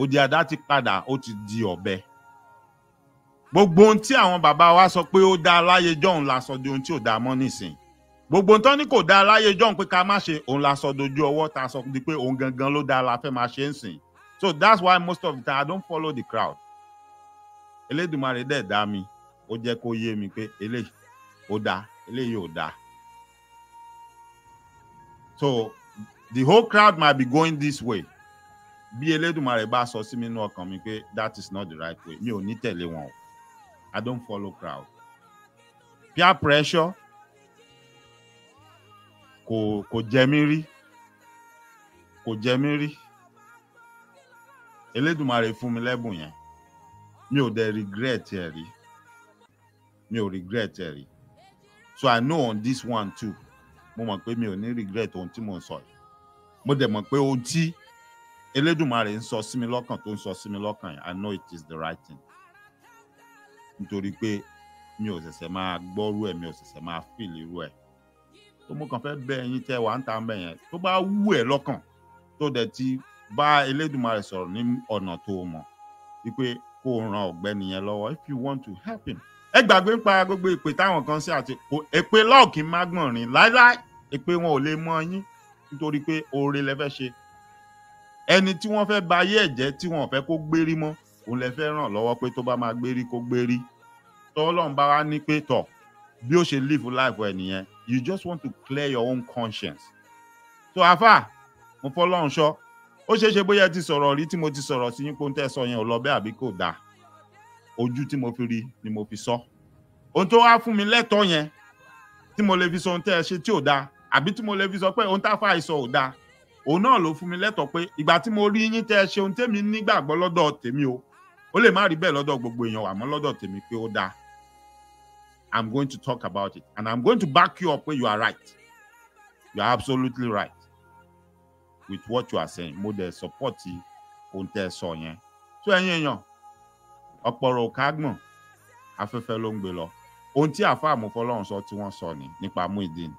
Òdì àdá ti padà ó ti di ọ̀bẹ. Gbogbo ohun tí àwọn bàbá wa sọ pé ó dáa láyé jọ̀hún la sọ di ohun tí ò dáa mọ́ nísìn. Gbogbo ohun tó ní kò dáa láyé jọ̀hún pé ká má ṣe òun la sọ dojú ọwọ́ ta sọ di pé òun gangan ló dáa la fẹ́ máa ṣe ń sìn. So that's why most of the time I don't follow the crowd. Elédùmarè dẹ̀ dá mi ó jẹ́ kó yé mi pé eléyìí ó dáa eléyìí ò dáa so the whole crowd might be going this way bí Elédùmarè bá sọ sí mi nínú ọkàn mi pé that is not the right way mi ò ní tẹ̀lé wọn o I don't follow crowd peer pressure kò kò jẹ mí rí kò jẹ mí rí Elédùmarè fún mi lẹ́bùn yẹn mi ò dẹ̀ regret ẹ̀ rí mi ò regret ẹ̀ rí so I know on this one too mo mọ̀ pé mi ò ní regret ohun tí mo ń sọ yìí mo dẹ̀ mọ̀ pé ohun tí Elédùmarè ń sọ sí mi lọ́kàn tó ń sọ sí mi lọ́kàn yìí I know it is the right thing nítorí pé mi ò ṣẹ̀ṣẹ̀ máa gbọ́rú ẹ̀ mi ò ṣẹ̀ṣẹ̀ máa feel irú ẹ̀ tó mo kàn fẹ́ bẹ̀ ẹ̀yin tẹ́ wà ń ta mẹ́ yẹn tó bá wù ẹ́ lọ́kàn tó dẹ̀ ti bá Elédùmarè sọ̀rọ̀ ní ọ̀nà tó mọ̀ wípé kó o ran ọ̀gbẹ́ni yẹn lọ́wọ́ if you want to help him. ẹ gbàgbé ń pa gbogbo ìpè táwọn kan sí àti èpè lọ́ọ̀kì má gbọ̀n rìn láíláí èpè wọn ò lè mọ yín nítorí pé oore lẹ fẹ́ ṣe ẹni tí wọ́n fẹ́ ba ayé ẹ̀jẹ̀ tí wọ́n fẹ́ kó gbérí mọ́ òun lẹ fẹ́ ràn lọ́wọ́ pé tó bá máa gbérí kó gbérí tọ́lọ́run bá wá ní pé tọ̀ bí ó ṣe live life ẹ nìyẹn you just want to clear your own conscience. so afa mo fọlọ́run ṣọ́ ó ṣe bóyá ti sọ̀rọ̀ rí tí mo ti sọ̀rọ̀ sí yín sọ yẹn ò lọ bẹ́ẹ̀ àbí kò ojú tí mo fi rí ni mo fi sọ ohun tó wá fún mi lẹ́tọ̀ọ́ yẹn tí mo lè fi sọ ohun tẹ́ ẹ ṣe tí ò dáa àbí tí mo lè fi sọ pé ohun táfà àìsọ ò dáa òun náà ló fún mi lẹ́tọ̀ọ́ pé ìgbà tí mo rí yín tẹ́ ẹ ṣe ohun tèmi nígbàgbọ́ lọ́dọ̀ tèmi o abi ti mo le fi so pe ohun tafa o oun má rí bẹ́ẹ̀ lọ́dọ̀ gbogbo eeyan àmọ́ lọ́dọ̀ tèmi pé dáa I'm going to talk about it and I'm going to back you up pé you are right you are absolutely right with what you are saying mo dẹ̀ support ohun tẹ́ ẹ sọ yẹn tó ẹ̀yin èèyàn ọ̀pọ̀rọ̀ kágbọ̀n afẹ́fẹ́ ló ń gbé lọ ohun tí àáfàá àmúfọlọ́run sọ tí wọ́n sọ ni nípa Muyideen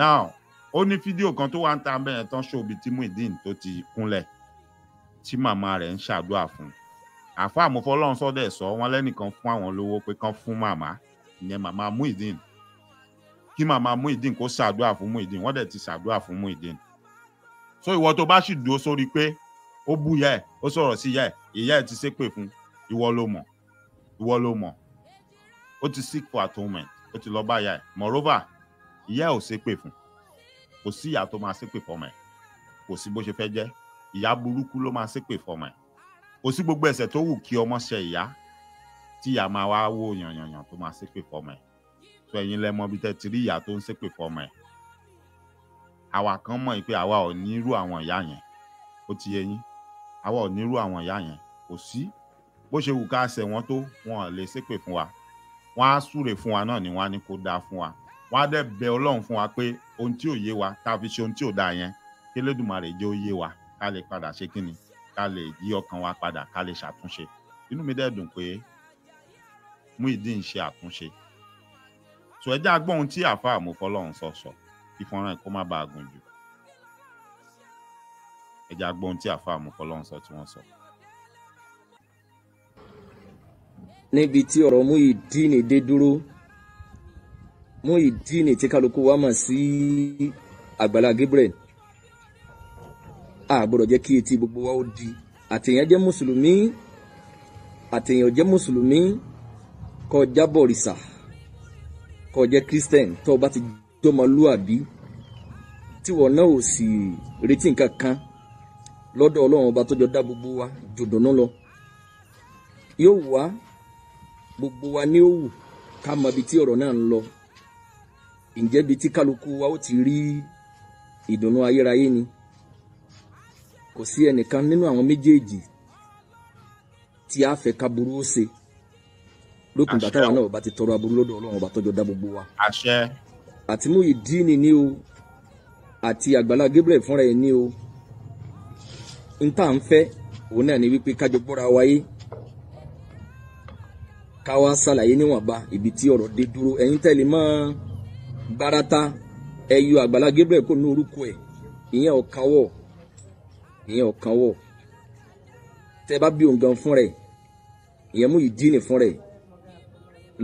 now ó ní fídíò kan tó wà ń ta bẹ́ẹ̀ tán ṣòbí tí Muyideen tó ti kúnlẹ̀ tí màmá rẹ̀ ń ṣàdúrà fún àáfàá àmúfọlọ́run sọ dẹ̀ sọ wọn lẹ́nìkan fún àwọn lówó pé kán fún màmá ìyẹn màmá Muyideen kí màmá Muyideen kó ṣàdúrà fún Muyideen wọ́n dẹ̀ ti ṣàdúrà fún Muyideen so ìwọ tó bá sì dúró sórí pé ó bú ìyá ẹ ó sọ̀rọ̀ sí ìyá ẹ ìyá ẹ ti ṣépè fún ìwọ ló mọ̀ ìwọ ló mọ̀ ó ti seek for atonement ó ti lọ bá ìyá ẹ moreover ìyá ẹ ò ṣépè fún kò sí ìyá tó máa ṣépè fọmọ ẹ kò sí bó ṣe fẹ́ jẹ́ ìyá burúkú ló máa ṣépè fọmọ ẹ kò sí gbogbo ẹ̀ṣẹ̀ tó wù kí ọmọ ṣe ìyá tí ìyá máa wá wò yànyànyàn tó máa ṣépè fọmọ ẹ so ẹ̀yin lẹ mọ̀ bí tẹ́ ti ìyá tó ń ṣépè fọmọ ẹ àwa kan mọ̀ pé àwa ò ní irú àwọn ìyá yẹn ó ti yé yín àwa ò ní irú àwọn ìyá yẹn kò sí bó ṣe wù ká ṣẹ̀ wọ́n tó wọn ò lè ṣépè fún wa wọ́n á súre fún wa náà ni wọ́n á ní kó dáa fún wa wọ́n á dẹ̀ bẹ ọlọ́run fún wa pé ohun tí ò yé wa tá a fi ṣe ohun tí ò dáa yẹn kélédùmarè jẹ́ ó yé wa ká lè padà ṣe kí ni ká lè yí ọkàn wa padà ká lè ṣàtúnṣe inú mi dẹ̀ dùn pé Muyideen ṣe àtúnṣe so ẹ já gbọ́ tí àáfàá àmúfọ́lọ́run sọ sọ. so fọ́nrán kó má bàa gùn jù ẹja gbọ́ ohun tí àfáà mú kọ́lọ́hún sọ tí wọ́n sọ. níbi tí ọ̀rọ̀ Muyideen dé dúró Muyideen tí kálukú wa mọ̀ sí Àgbàlá Gabriel a jẹ́ kí etí gbogbo wa ó di àtẹ̀yàn jẹ́ mùsùlùmí àtẹ̀yàn jẹ́ mùsùlùmí kó jábọ̀ rìsà kó jẹ́ christian bá ti jọmọlúàbí tíwọ̀ náà ò sì retí nǹkan kan lọ́dọ̀ ọlọ́run ọba tó jọ dá gbogbo wa jòdòdó lọ yóò wá gbogbo wa ní òwù ká mọ ibi tí ọ̀rọ̀ náà ń lọ ǹjẹ́ ibi tí kálukú wa ó ti rí ìdùnnú ayérayé ni kò sí ẹnìkan nínú àwọn méjèèjì tí a fẹ́ ká burú ó ṣe lókun bàtà wa náà bá ti tọrọ aburú lọ́dọ̀ ọlọ́run ọba tó jọ dá gbogbo wa àti Muyideen ni o àti àgbàlá Gabriel fúnra ẹ̀ ní o n tá à ń fẹ́ òun náà ni wípé kájọ gbọ́ra wáyé ká wá ṣàlàyé níwọ̀nba ibi tí ọ̀rọ̀ dé dúró ẹ̀yin tẹ́lẹ̀ mọ́ gbárata ẹ yọ àgbàlá Gabriel kò ní orúkọ ẹ̀ ìyẹn ọ̀kan wọ̀ ìyẹn ọ̀kan wọ̀ tẹ́ bá bí òun gan fún ìyẹn mú ìdí ni fún rẹ̀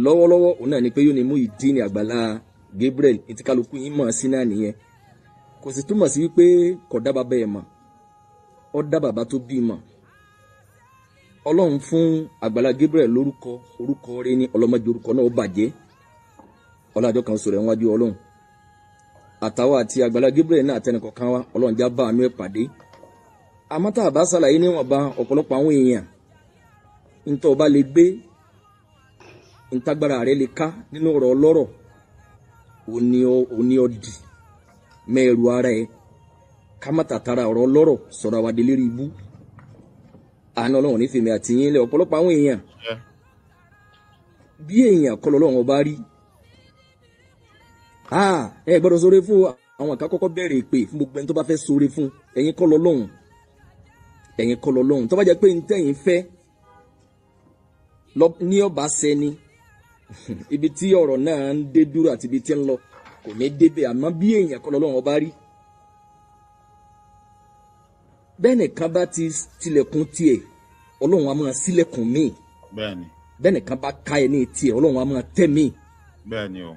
lọ́wọ́lọ́wọ́ òun náà ni pé yóò ní mú ìdí nì àgbàlá Gabriel ìtìkálukú yín mọ̀ sí náà nìyẹn kò sì túmọ̀ sí wípé kò dá bàbá mọ̀ ó dá bàbá tó bí mọ̀ ọlọ́run fún àgbàlá Gabriel lórúkọ orúkọ ni ní ọlọ́mọdé orúkọ náà ó bàjẹ́ ọlọ́jọ́ kan sọ̀rọ̀ ẹ̀wájú ọlọ́run àtàwọn àti àgbàlá Gabriel náà àtẹnìkọ̀ kan pàdé a bá ọ̀pọ̀lọpọ̀ àwọn èèyàn ọba lè gbé lè ká nínú ọ̀rọ̀ ọlọ́rọ̀ òní ọ mẹ ẹrù ara ẹ ká má tàtàrà ọ̀rọ̀ lọ́rọ̀ sọ̀rọ̀ àwàdé lérí ibú àánú ọlọ́run nífẹ̀ẹ́ àti yín lẹ ọ̀pọ̀lọpọ̀ àwọn èèyàn bí èèyàn kọ́ lọ́lọ́run ọba rí ẹ gbọ́dọ̀ sóre fún àwọn àká kọ́kọ́ bẹ̀rẹ̀ ìpè fún gbogbo ẹni tó bá fẹ́ sóre fún ẹ̀yin kọ́ lọ́lọ́run ẹ̀yin kọ́ lọ́lọ́run tó bá jẹ́ pé ní tẹ̀yìn fẹ́ ní ọba sẹ́ni ibi tí ọ̀rọ̀ náà ń dé dúró àti ibi tí ń lọ kò ní débẹ̀ àmọ́ bí èèyàn kọ́ lọ́lọ́run ọba rí bẹ́ẹ̀ni kan bá ti tilẹ̀kùn tiẹ̀ ọlọ́run a máa ṣílẹ̀kùn míì bẹ́ẹ̀ni bẹ́ẹ̀ni kan bá ká ẹ ní tiẹ̀ ọlọ́run a máa tẹ̀ míì bẹ́ẹ̀ni o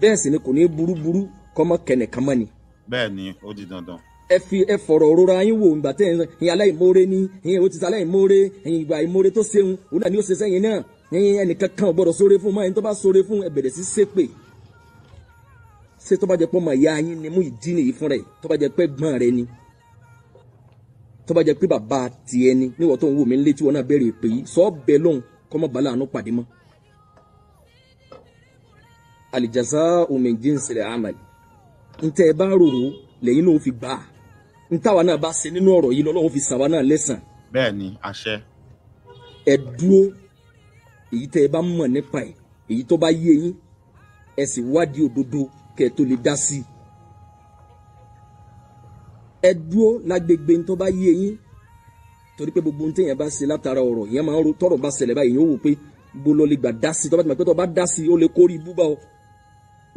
bẹ́ẹ̀ sì ni kò ní burúburú kọ́mọ kẹnìkan mọ́ ni. bẹ́ẹ̀ni ó di dandan. ẹ fi ẹ fọ̀rọ̀ rora yín wò ìgbà tẹ́ ẹ̀yin aláìmoore ni ẹ̀yin ó ti aláìmoore ẹ̀yin ìgbà ìmoore tó ṣeun òun náà ni ó ṣe sẹ́yìn náà ẹ̀yin ẹnìkan ṣé tó bá jẹ́ pé ọmọ ìyá yín ni mú ìdí nìyí fún rẹ̀ tó bá jẹ́ pé gbọ́n rẹ ni tó bá jẹ́ pé bàbá tiẹ̀ ni níwọ̀ tó ń wò mí ń létí wọn náà bẹ̀rẹ̀ pé yìí sọ bẹ́ẹ̀ lóhùn kọ́mọ bàálà àánú pàdé mọ́. àlìjàsá min jinsil amal ntẹ ẹ bá rorò lẹ́yìn náà ó fi gbà á ntáwa náà bá ṣe nínú ọ̀rọ̀ yìí lọ́lọ́wọ́ fi sàwa náà lẹ́sàn. bẹ́ẹ̀ ni àṣẹ. ẹ dúró èyí tẹ ẹ bá mọ̀ nípa ẹ èyí tó bá yé yín ẹ sì wádìí òdodo kẹ́ ẹ tó lè dá sí i ẹ dúró lágbègbè ń tó bá yé yín torí pé gbogbo ntẹ̀yìn bá ṣe látara ọ̀rọ̀ ìyẹn máa ń ro tọ́rọ̀ bá ṣẹlẹ̀ báyìí yóò wò pé bó lọ lè gbà dá sí i tó bá ti mọ̀ pé tó bá dá sí i ó lè kórè ibú bá ọ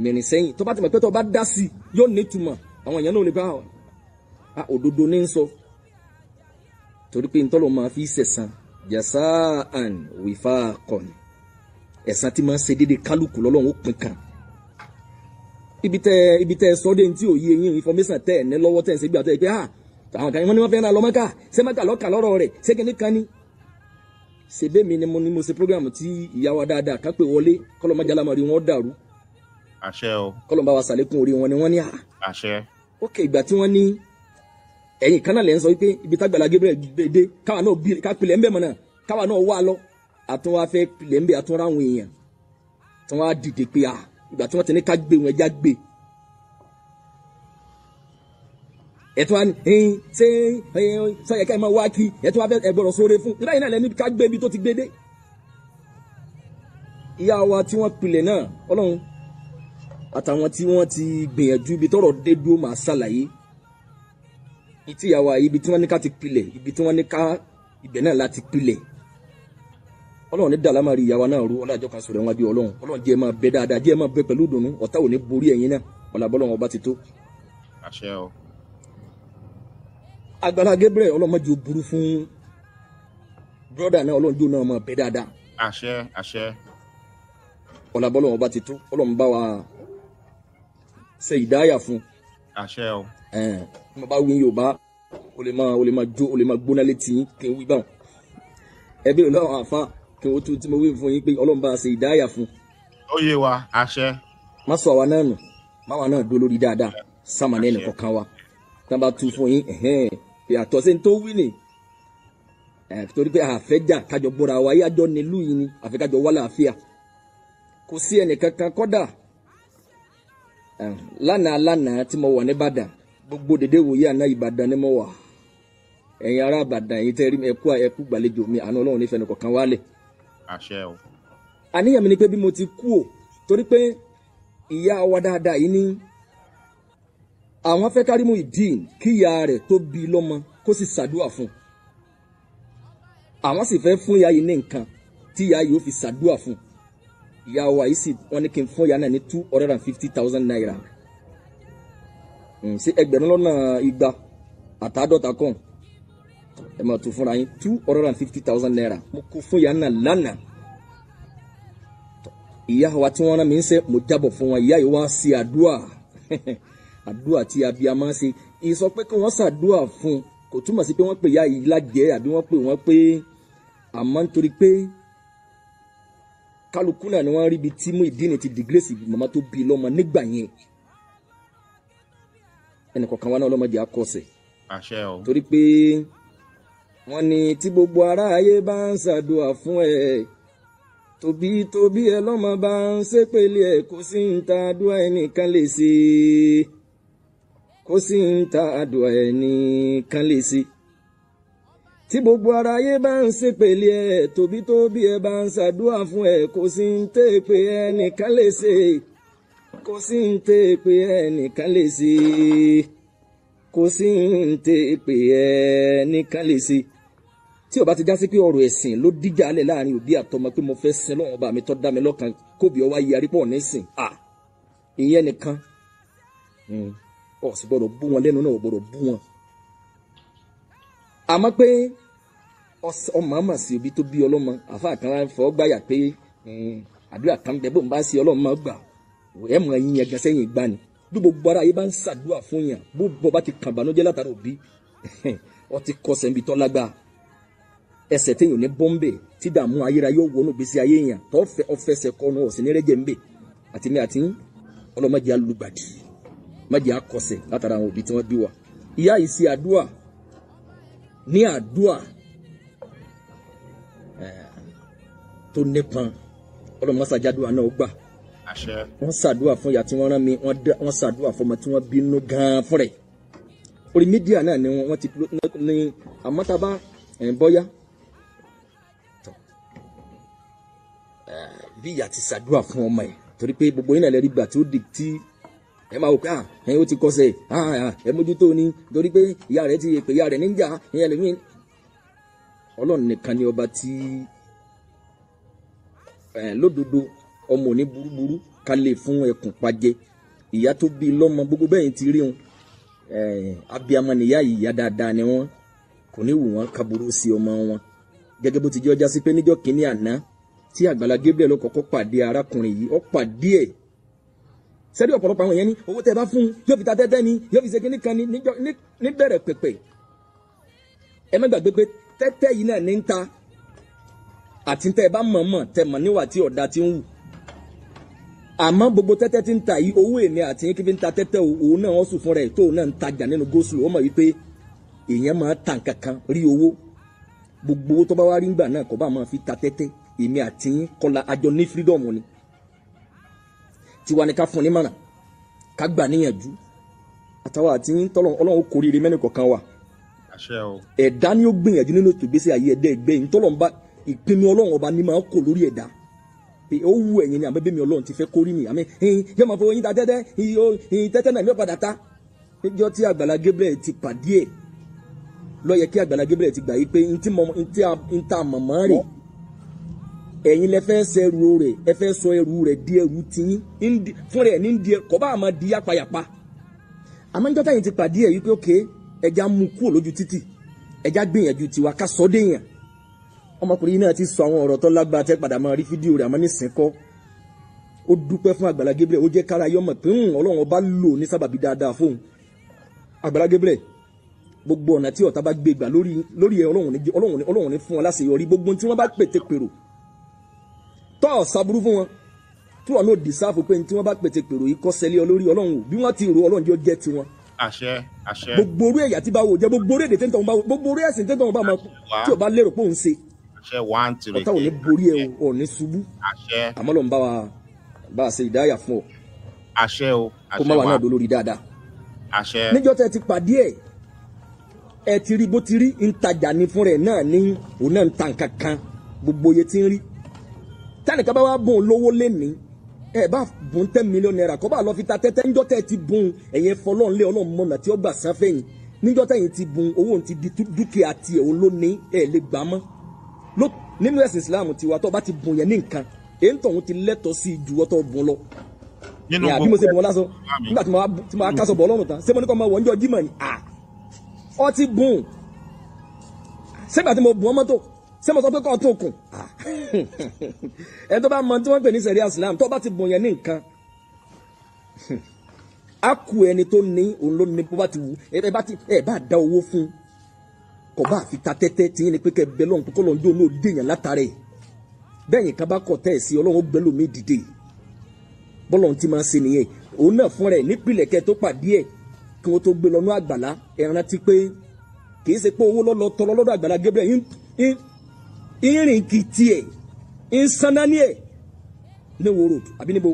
mìrìn sẹ́yìn tó bá ti mọ̀ pé tó bá dá sí i yóò nítumọ̀ àwọn èèyàn náà lè bá òdodo ní sọ torí pé ntọ́lọ̀ máa fi sẹ̀sán jasaan wifakon ẹ̀sán tí máa ń ṣe déédéé kálukú lọ́lọ́run ó pin kan ibi tẹ ibi tẹ sọdẹ ntí òye yín information tẹ ẹ ní lọ́wọ́ tẹ ẹ ṣe bí àtọ yìí pé ah àwọn kan wọn ni wọn fẹ́ ra lọ mẹ́ka ṣé mẹ́ka lọ́ka lọ́rọ̀ rẹ̀ ṣé kìíní kan ni. ṣèbé mi ni mo ni mo ṣe program tí ìyá dáadáa ká wọlé kọlọ má rí wọn dàrú. àṣẹ o. kọlọ bá wa ṣàlékún orí wọn ni wọn ní à. Ah. àṣẹ. ok ìgbà tí wọn ní ẹ̀yìn kan náà lẹ ń sọ pé ibi tágbàlá Gabriel gbèdé káwa náà bí ká pilẹ̀ ńbẹ̀ mọ̀nà káwa náà wà lọ àtúnwá fẹ́ pilẹ̀ ńbẹ̀ àtúnra àwọn èèyàn tí wọ́n á dìde pé ah ìgbà tí wọ́n ti ní ká gbé wọn ẹja gbé ẹ̀tọ́ ẹ̀yìn ṣé ẹ̀yìn sọ́yẹ̀ ká ẹ̀ máa wá kí ẹ̀tọ́ wa fẹ́ ẹ̀gbọ́rọ̀ sóore fún ìdáyìí náà lẹ́ni ká gbé ibi tó ti gbé dé ìyá wa tí wọ́n pilẹ̀ náà ọlọ́run àtàwọn tí wọ́n ti gbìyànjú ibi tọ́rọ̀ dé dúró máa ṣàlàyé ìtìyàwó ibi tí wọ́n ní ká ti pilẹ̀ ibi tí wọ́n ní ká ibẹ̀ náà láti pilẹ̀ ọlọ́run ní dàlámà rí ìyàwó náà rú ọlọ́jọ́ kan sọ̀rọ̀ wọn bí ọlọ́run ọlọ́run jẹ́ máa bẹ dáadáa jẹ́ máa bẹ pẹ̀lú dùnú ọ̀tá ò ní borí ẹ̀yin náà ọ̀làbọ́lọ́run ọba ti tó. àṣẹ o. Agbala Gabriel ọlọ́mọdé ó burú fún broda náà ọlọ́njọ́ náà máa bẹ dáadáa. àṣẹ àṣẹ. ọ̀làbọ́lọ́run ọba ti tó ọlọ́run bá wa ṣe ìdáyà fún. àṣẹ o. ẹ̀ẹ́n mo bá wí Yorùbá o lè máa o lè máa jó o lè máa gbóná létí kí n wí báwọn ẹbí ò àfa kí n ó tún tí mo wí fún yín pé ọlọ́run bá a ṣe ìdáyà fún. ó yé wa àṣẹ. má sọ àwa náà nù má wa náà dúró lórí dáadáa sàmàlẹ́ nìkan kan wa tá a bá tún fún yín pé àtọ́sí tó wí ni torí pé àfẹ́jà kájọ gbọ́ra wa yájọ́ nílùú yìí ni àfẹ́ wà láàfíà kò sí ẹnìkankan kọ́dà lánàá lánàá tí mo wà ní gbogbo dédé wòye àná Ìbàdàn ni mo wà ẹ̀yin ará Ìbàdàn yìí tẹ́ rí ẹkú ẹkú gbàlejò mi àná Ọlọ́run nífẹ̀ẹ́ nìkan kan wálẹ̀ àṣẹ o. àníyàn mi ni pé bí mo ti kú o torí pé ìyá wa dáadáa yìí ní àwọn fẹ́ kárí Muyideen kí ìyá rẹ̀ tó bí lọ́mọ kó sì ṣàdúrà fún un àwọn sì fẹ́ fún ìyá yìí ní nǹkan tí ìyá yìí ó fi ṣàdúrà fún un ìyá wa yìí sì wọ́n ní kí n fún ìyá náà ní two hundred and fifty thousand naira ṣé ẹgbẹ̀rún lọ́nà igba àtàdọ́ta kan ẹ máa tún fúnra yín two hundred and fifty thousand naira mo kó fún ìyá náà lánàá ìyá wa tí wọ́n rán mi ń sẹ́ mo jábọ̀ fún wọn ìyá yìí wá sí àdúà àdúà tí abiyamọ ṣe ìsọ pé kí wọ́n ṣàdúà fún kò túmọ̀ sí pé wọ́n pè ìyá yìí lájẹ́ àbí wọ́n pè wọ́n pé àmọ́ nítorí pé kálukú náà ni wọ́n rí ibi tí mú ìdí ni ti dìgírèsì màmá tó bí lọ́mọ nígbà yẹn ẹnì kọ̀ọ̀kan wa náà lọ́mọdé akọ̀ọ̀sẹ̀ torí pé wọ́n ní tí gbogbo aráayé bá ń ṣàdúà fún ẹ tòbí tòbí ẹ lọ́mọ bá ń ṣépele ẹ kò sí ń ta àdúà ẹnìkan lè ṣe kò sí ń ta àdúà ẹnìkan lè ṣe tí gbogbo aráyé bá ń ṣépele ẹ tòbí tòbí ẹ bá ń ṣàdúà fún ẹ kò sí ń tẹ́ pé ẹnìkan lè ṣe kò sí ń tẹ́ pé ẹnìkan lè ṣe kò sí ń tẹ́ pé ẹnìkan lè ṣe tí ó bá ti já sí pé ọ̀rọ̀ ẹ̀sìn ló díjà alẹ̀ láàrin òbí àtọmọ pé mo fẹ́ sin lọ́wọ́ bá mi tọ́ dá mi lọ́kàn kóbi ọwá yí arípọ̀ nísìn à ìyẹn nìkan ọ̀ hmm. sì gbọ́dọ̀ bú wọn lẹ́nu náà gbọ́dọ̀ bú wọn. àmọ́ pé ọmọ àmà sí òbí tó bí ọlọ́mọ àfa àkàrà ń fọ́ gbáyà pé hmm, àdúrà kan bẹ́ẹ̀ bó ń bá sí ọlọ́mọ gbà ẹ̀ mọ̀ ẹ̀yìn ẹ̀gàn sẹ́yìn ìgbani bí gbogbo ara yìí bá ń ṣàdúrà fún yàn bó bọ́ bá ti kàn bànújẹ́ látara òbí ọ ti kọsẹ̀ níbi tọ́ ẹsẹ̀ téèyàn ní bọ́m̀bẹ̀ tí dààmú ayérayé ó wọnú gbèsè ayé èèyàn tó fẹ́ ọ̀fẹ́sẹ̀ kọ́nu ọ̀sìn nírẹ́jẹ̀ ńbẹ̀ àti ní àti ọlọ́mọdé alùgbàdì mọ̀jì akọ̀sẹ̀ látara àwọn òbí tí wọ́n bí wa. ìyá yìí ṣe àdúà ní àdúà tó nípọn ọlọ́mọ sàjádùá náà ó gbà wọ́n ṣàdúà fún ìyá tí wọ́n rán mi wọ́n ṣàdúà fún ọmọ tí wọ́n bínú gan-an fún rẹ̀ orí mídíà náà ni wọ́n ti ní àmọ́tàbá ẹ̀ bọ́yá bí ìyá ti ṣàdúrà fún ọmọ ẹ̀ torí pé gbogbo yín náà lè rí gbà tí ó di tí ẹ máa wò pé ẹ̀yin ó ti kọsẹ̀ ẹ mójútó ni torí pé ìyá rẹ̀ ti pè ìyá rẹ̀ níjà ìyá rẹ̀ mí. ọlọ́run nìkan ni ọba tí lódodo ọmọ òní burúburú ká lè fún ẹkùn pajẹ ìyá tó bí lọ́mọ gbogbo bẹ́ẹ̀ ti rí wọn abiyamọ nìyá ìyá dáadáa ni wọn kò ní wù wọn kaburú sí ọmọ wọn gẹ́gẹ́ bó ti jẹ́ ọjà sí pé níjọ́ kínní àná tí àgbàlá Gabriel ló kọ́kọ́ pàdé arákùnrin yìí ó pàdé ẹ̀ sẹ́dí ọ̀pọ̀lọpọ̀ àwọn yẹn ní owó tẹ́ bá fún un yóò fi ta tẹ́tẹ́ ni yóò fi ṣe kíní ni níbẹ̀rẹ̀ pẹ̀pẹ̀ ẹ má gbàgbé pé tẹ́tẹ́ yìí náà ní ń ta àti tẹ́ ẹ bá mọ̀ mọ̀ tẹ́ mọ̀ níwà tí ọ̀dà ti ń wù àmọ́ gbogbo tẹ́tẹ́ ti ń ta yìí owó èmi àti yín kí fi ń ta tẹ́tẹ́ òun náà wọ́n sùn fún rẹ̀ tóun náà ń tajà nínú góòsù ó wípé èèyàn máa tàn kankan rí owó gbogbo owó tó bá wá rí ńgbà náà kò bá máa fi ta tẹ́tẹ́ èmi àti yín kọ́la àjọ ní freedom ni tiwa ni ká fún ní mọ̀nà ká gbà níyànjú àtàwọn àti yín tọ́lọ̀ ọlọ́run kò rire mẹ́nu kọ̀ọ̀kan wa ẹ̀dá ni ó gbìyànjú nínú ètò ìgbésí ayé ẹ̀dá ẹgbẹ́ yìí tọ́lọ̀ ń bá ìpinnu ọlọ́run ọba ní máa ń lórí ẹ̀dá pé ó wù ẹ̀yin ni àbẹ́bẹ́mi ọlọ́run ti fẹ́ kórí mi àmì yóò máa fọwọ́ yín ta tẹ́tẹ́ tẹ́tẹ́ náà yóò padà ta níjọ́ tí àgbàlá Gabriel ti pàdé ẹ̀ ló yẹ kí àgbàlá Gabriel ti gbà yí pé ntí mọ̀ ntí àmọ̀mọ́ rè ẹ̀yin lẹ fẹ́ sẹ ẹrù rẹ̀ ẹ fẹ́ sọ ẹrù rẹ̀ di ẹrù tiyín fúnra ẹ̀ ní di ẹ kọ́ bá àmọ́ di yápayàpa àmọ́ níjọ́ táyìn ti pàdé ẹ̀ wípé ókè ẹja mú kúrò lójú títì ẹja gbìyànjú tiwa ká sọ déèyàn ọmọkùnrin náà ti sọ àwọn ọ̀rọ̀ tó lágbára tẹ́ padà máa rí fídíò rẹ̀ àmọ́ nísìn kọ́ ó dúpẹ́ fún Àgbàlá Gabriel ó jẹ́ kára yọmọ pé hmm, Ọlọ́run ọba lò ní sábàbí dáadáa fóun Àgbàlá Gabriel gbogbo ọ̀nà tí ọ̀tá bá gbé gbà lórí ẹ Ọlọ́run ní fún ọ láṣeyọrí gbogbo tí wọ́n bá pètè pèrò tọ́ ọ̀sàbúrú fún wọn tí wọn ló dìsáàfù pé ní tí wọ́n bá pètè pèrò yìí kọ́sẹ́lé olórí ọlọ́run bí wọ́n ti rò ọlọ́run jọ jẹ́ tiwọn. àṣẹ àṣẹ. gbogbo orí ẹ̀yà tí bá wò jẹ́ gbogbo orí èdè tẹ́ntàn wọn bá wò gbogbo orí ẹ̀sìn tẹ́ntàn wọn bá mọ tí o bá lérò pé òun ṣe. àṣẹ wà á ń tirè ké ọ̀tá ò ní borí ẹ o ò ní ṣubú. àṣẹ. àmọ́ ló ń bá wa bá a ṣe ìdáyà fún ọ. àṣẹ o àṣẹ wa kó má wà náà dolórí dáadáa. àṣẹ. níjọ́ tẹ́ ti pàdé ẹ̀ ẹ ti rí bó ti rí ń tajà ní fúnra ẹ̀ náà ní òun náà ń ta nǹkan kan gbogbo iye tí ń rí tẹ́nìkan bá wá bùn lówó lẹ́ni ẹ bá bùn ten million naira kọ́ bá lọ fi ta tẹ́tẹ́ níjọ́ tẹ́ ti bùn ẹ̀yẹn fọlọ́nlé ọlọ́run mọ̀nà tí ó gbà sáfẹ́ yìí níjọ́ tẹ́yìn ti bùn owó ti di dúkìá tiẹ̀ òun ló ní ẹ̀ lè gbà mọ́ nínú ẹ̀sìn Islam tiwa tó bá ti bùn yẹn ní nǹkan èyí tó ń ti lẹ́tọ̀ọ́ sí ju ọtọ̀ bùn lọ nínú àbí mo ṣe bọ̀ lásán nígbà tí mo kásọ̀ bọ̀ lọ́rùn tán ṣé mo ní kọ́ máa wọ̀ ń jọ dímọ̀ ni ọtí bùn ṣé gbà tí mo bùn ọmọ tó ṣé mo sọ pé kọ́ tó kùn ah. ẹ tó bá mọ tí wọ́n pè ní sẹ̀rí asilam tó bá ti bùn yẹn ní nǹkan á ku ẹni tó ní òun ló ní bó bá ti wù ẹ bá ti ẹ bá da owó fún kò bá fi ta tẹ́tẹ́ tí yín ni pé kẹ bẹ lọ́hùn kókó lọ́hùn dóun ló dé yẹn látàrẹ̀ bẹ́ẹ̀ yìí ká bá kọ̀ tẹ́ ẹ̀ sí ọlọ́run gbẹ́lómi dìde bọ́lọ́hùn ti máa ṣe nìyẹn òun náà fún rẹ̀ nípìnlẹ̀ kẹ tó pàdé ẹ̀ kí wọ́n tó gbé lọ́nú àgbàlá ẹ̀ rántí pé kì í ṣe pé owó lọ́lọ́ tọrọ lọ́dọ̀ àgbàlá Gabriel ìrìn kìtì ẹ̀ e, ìsandání ẹ̀ e, ní wòrò àbí níbo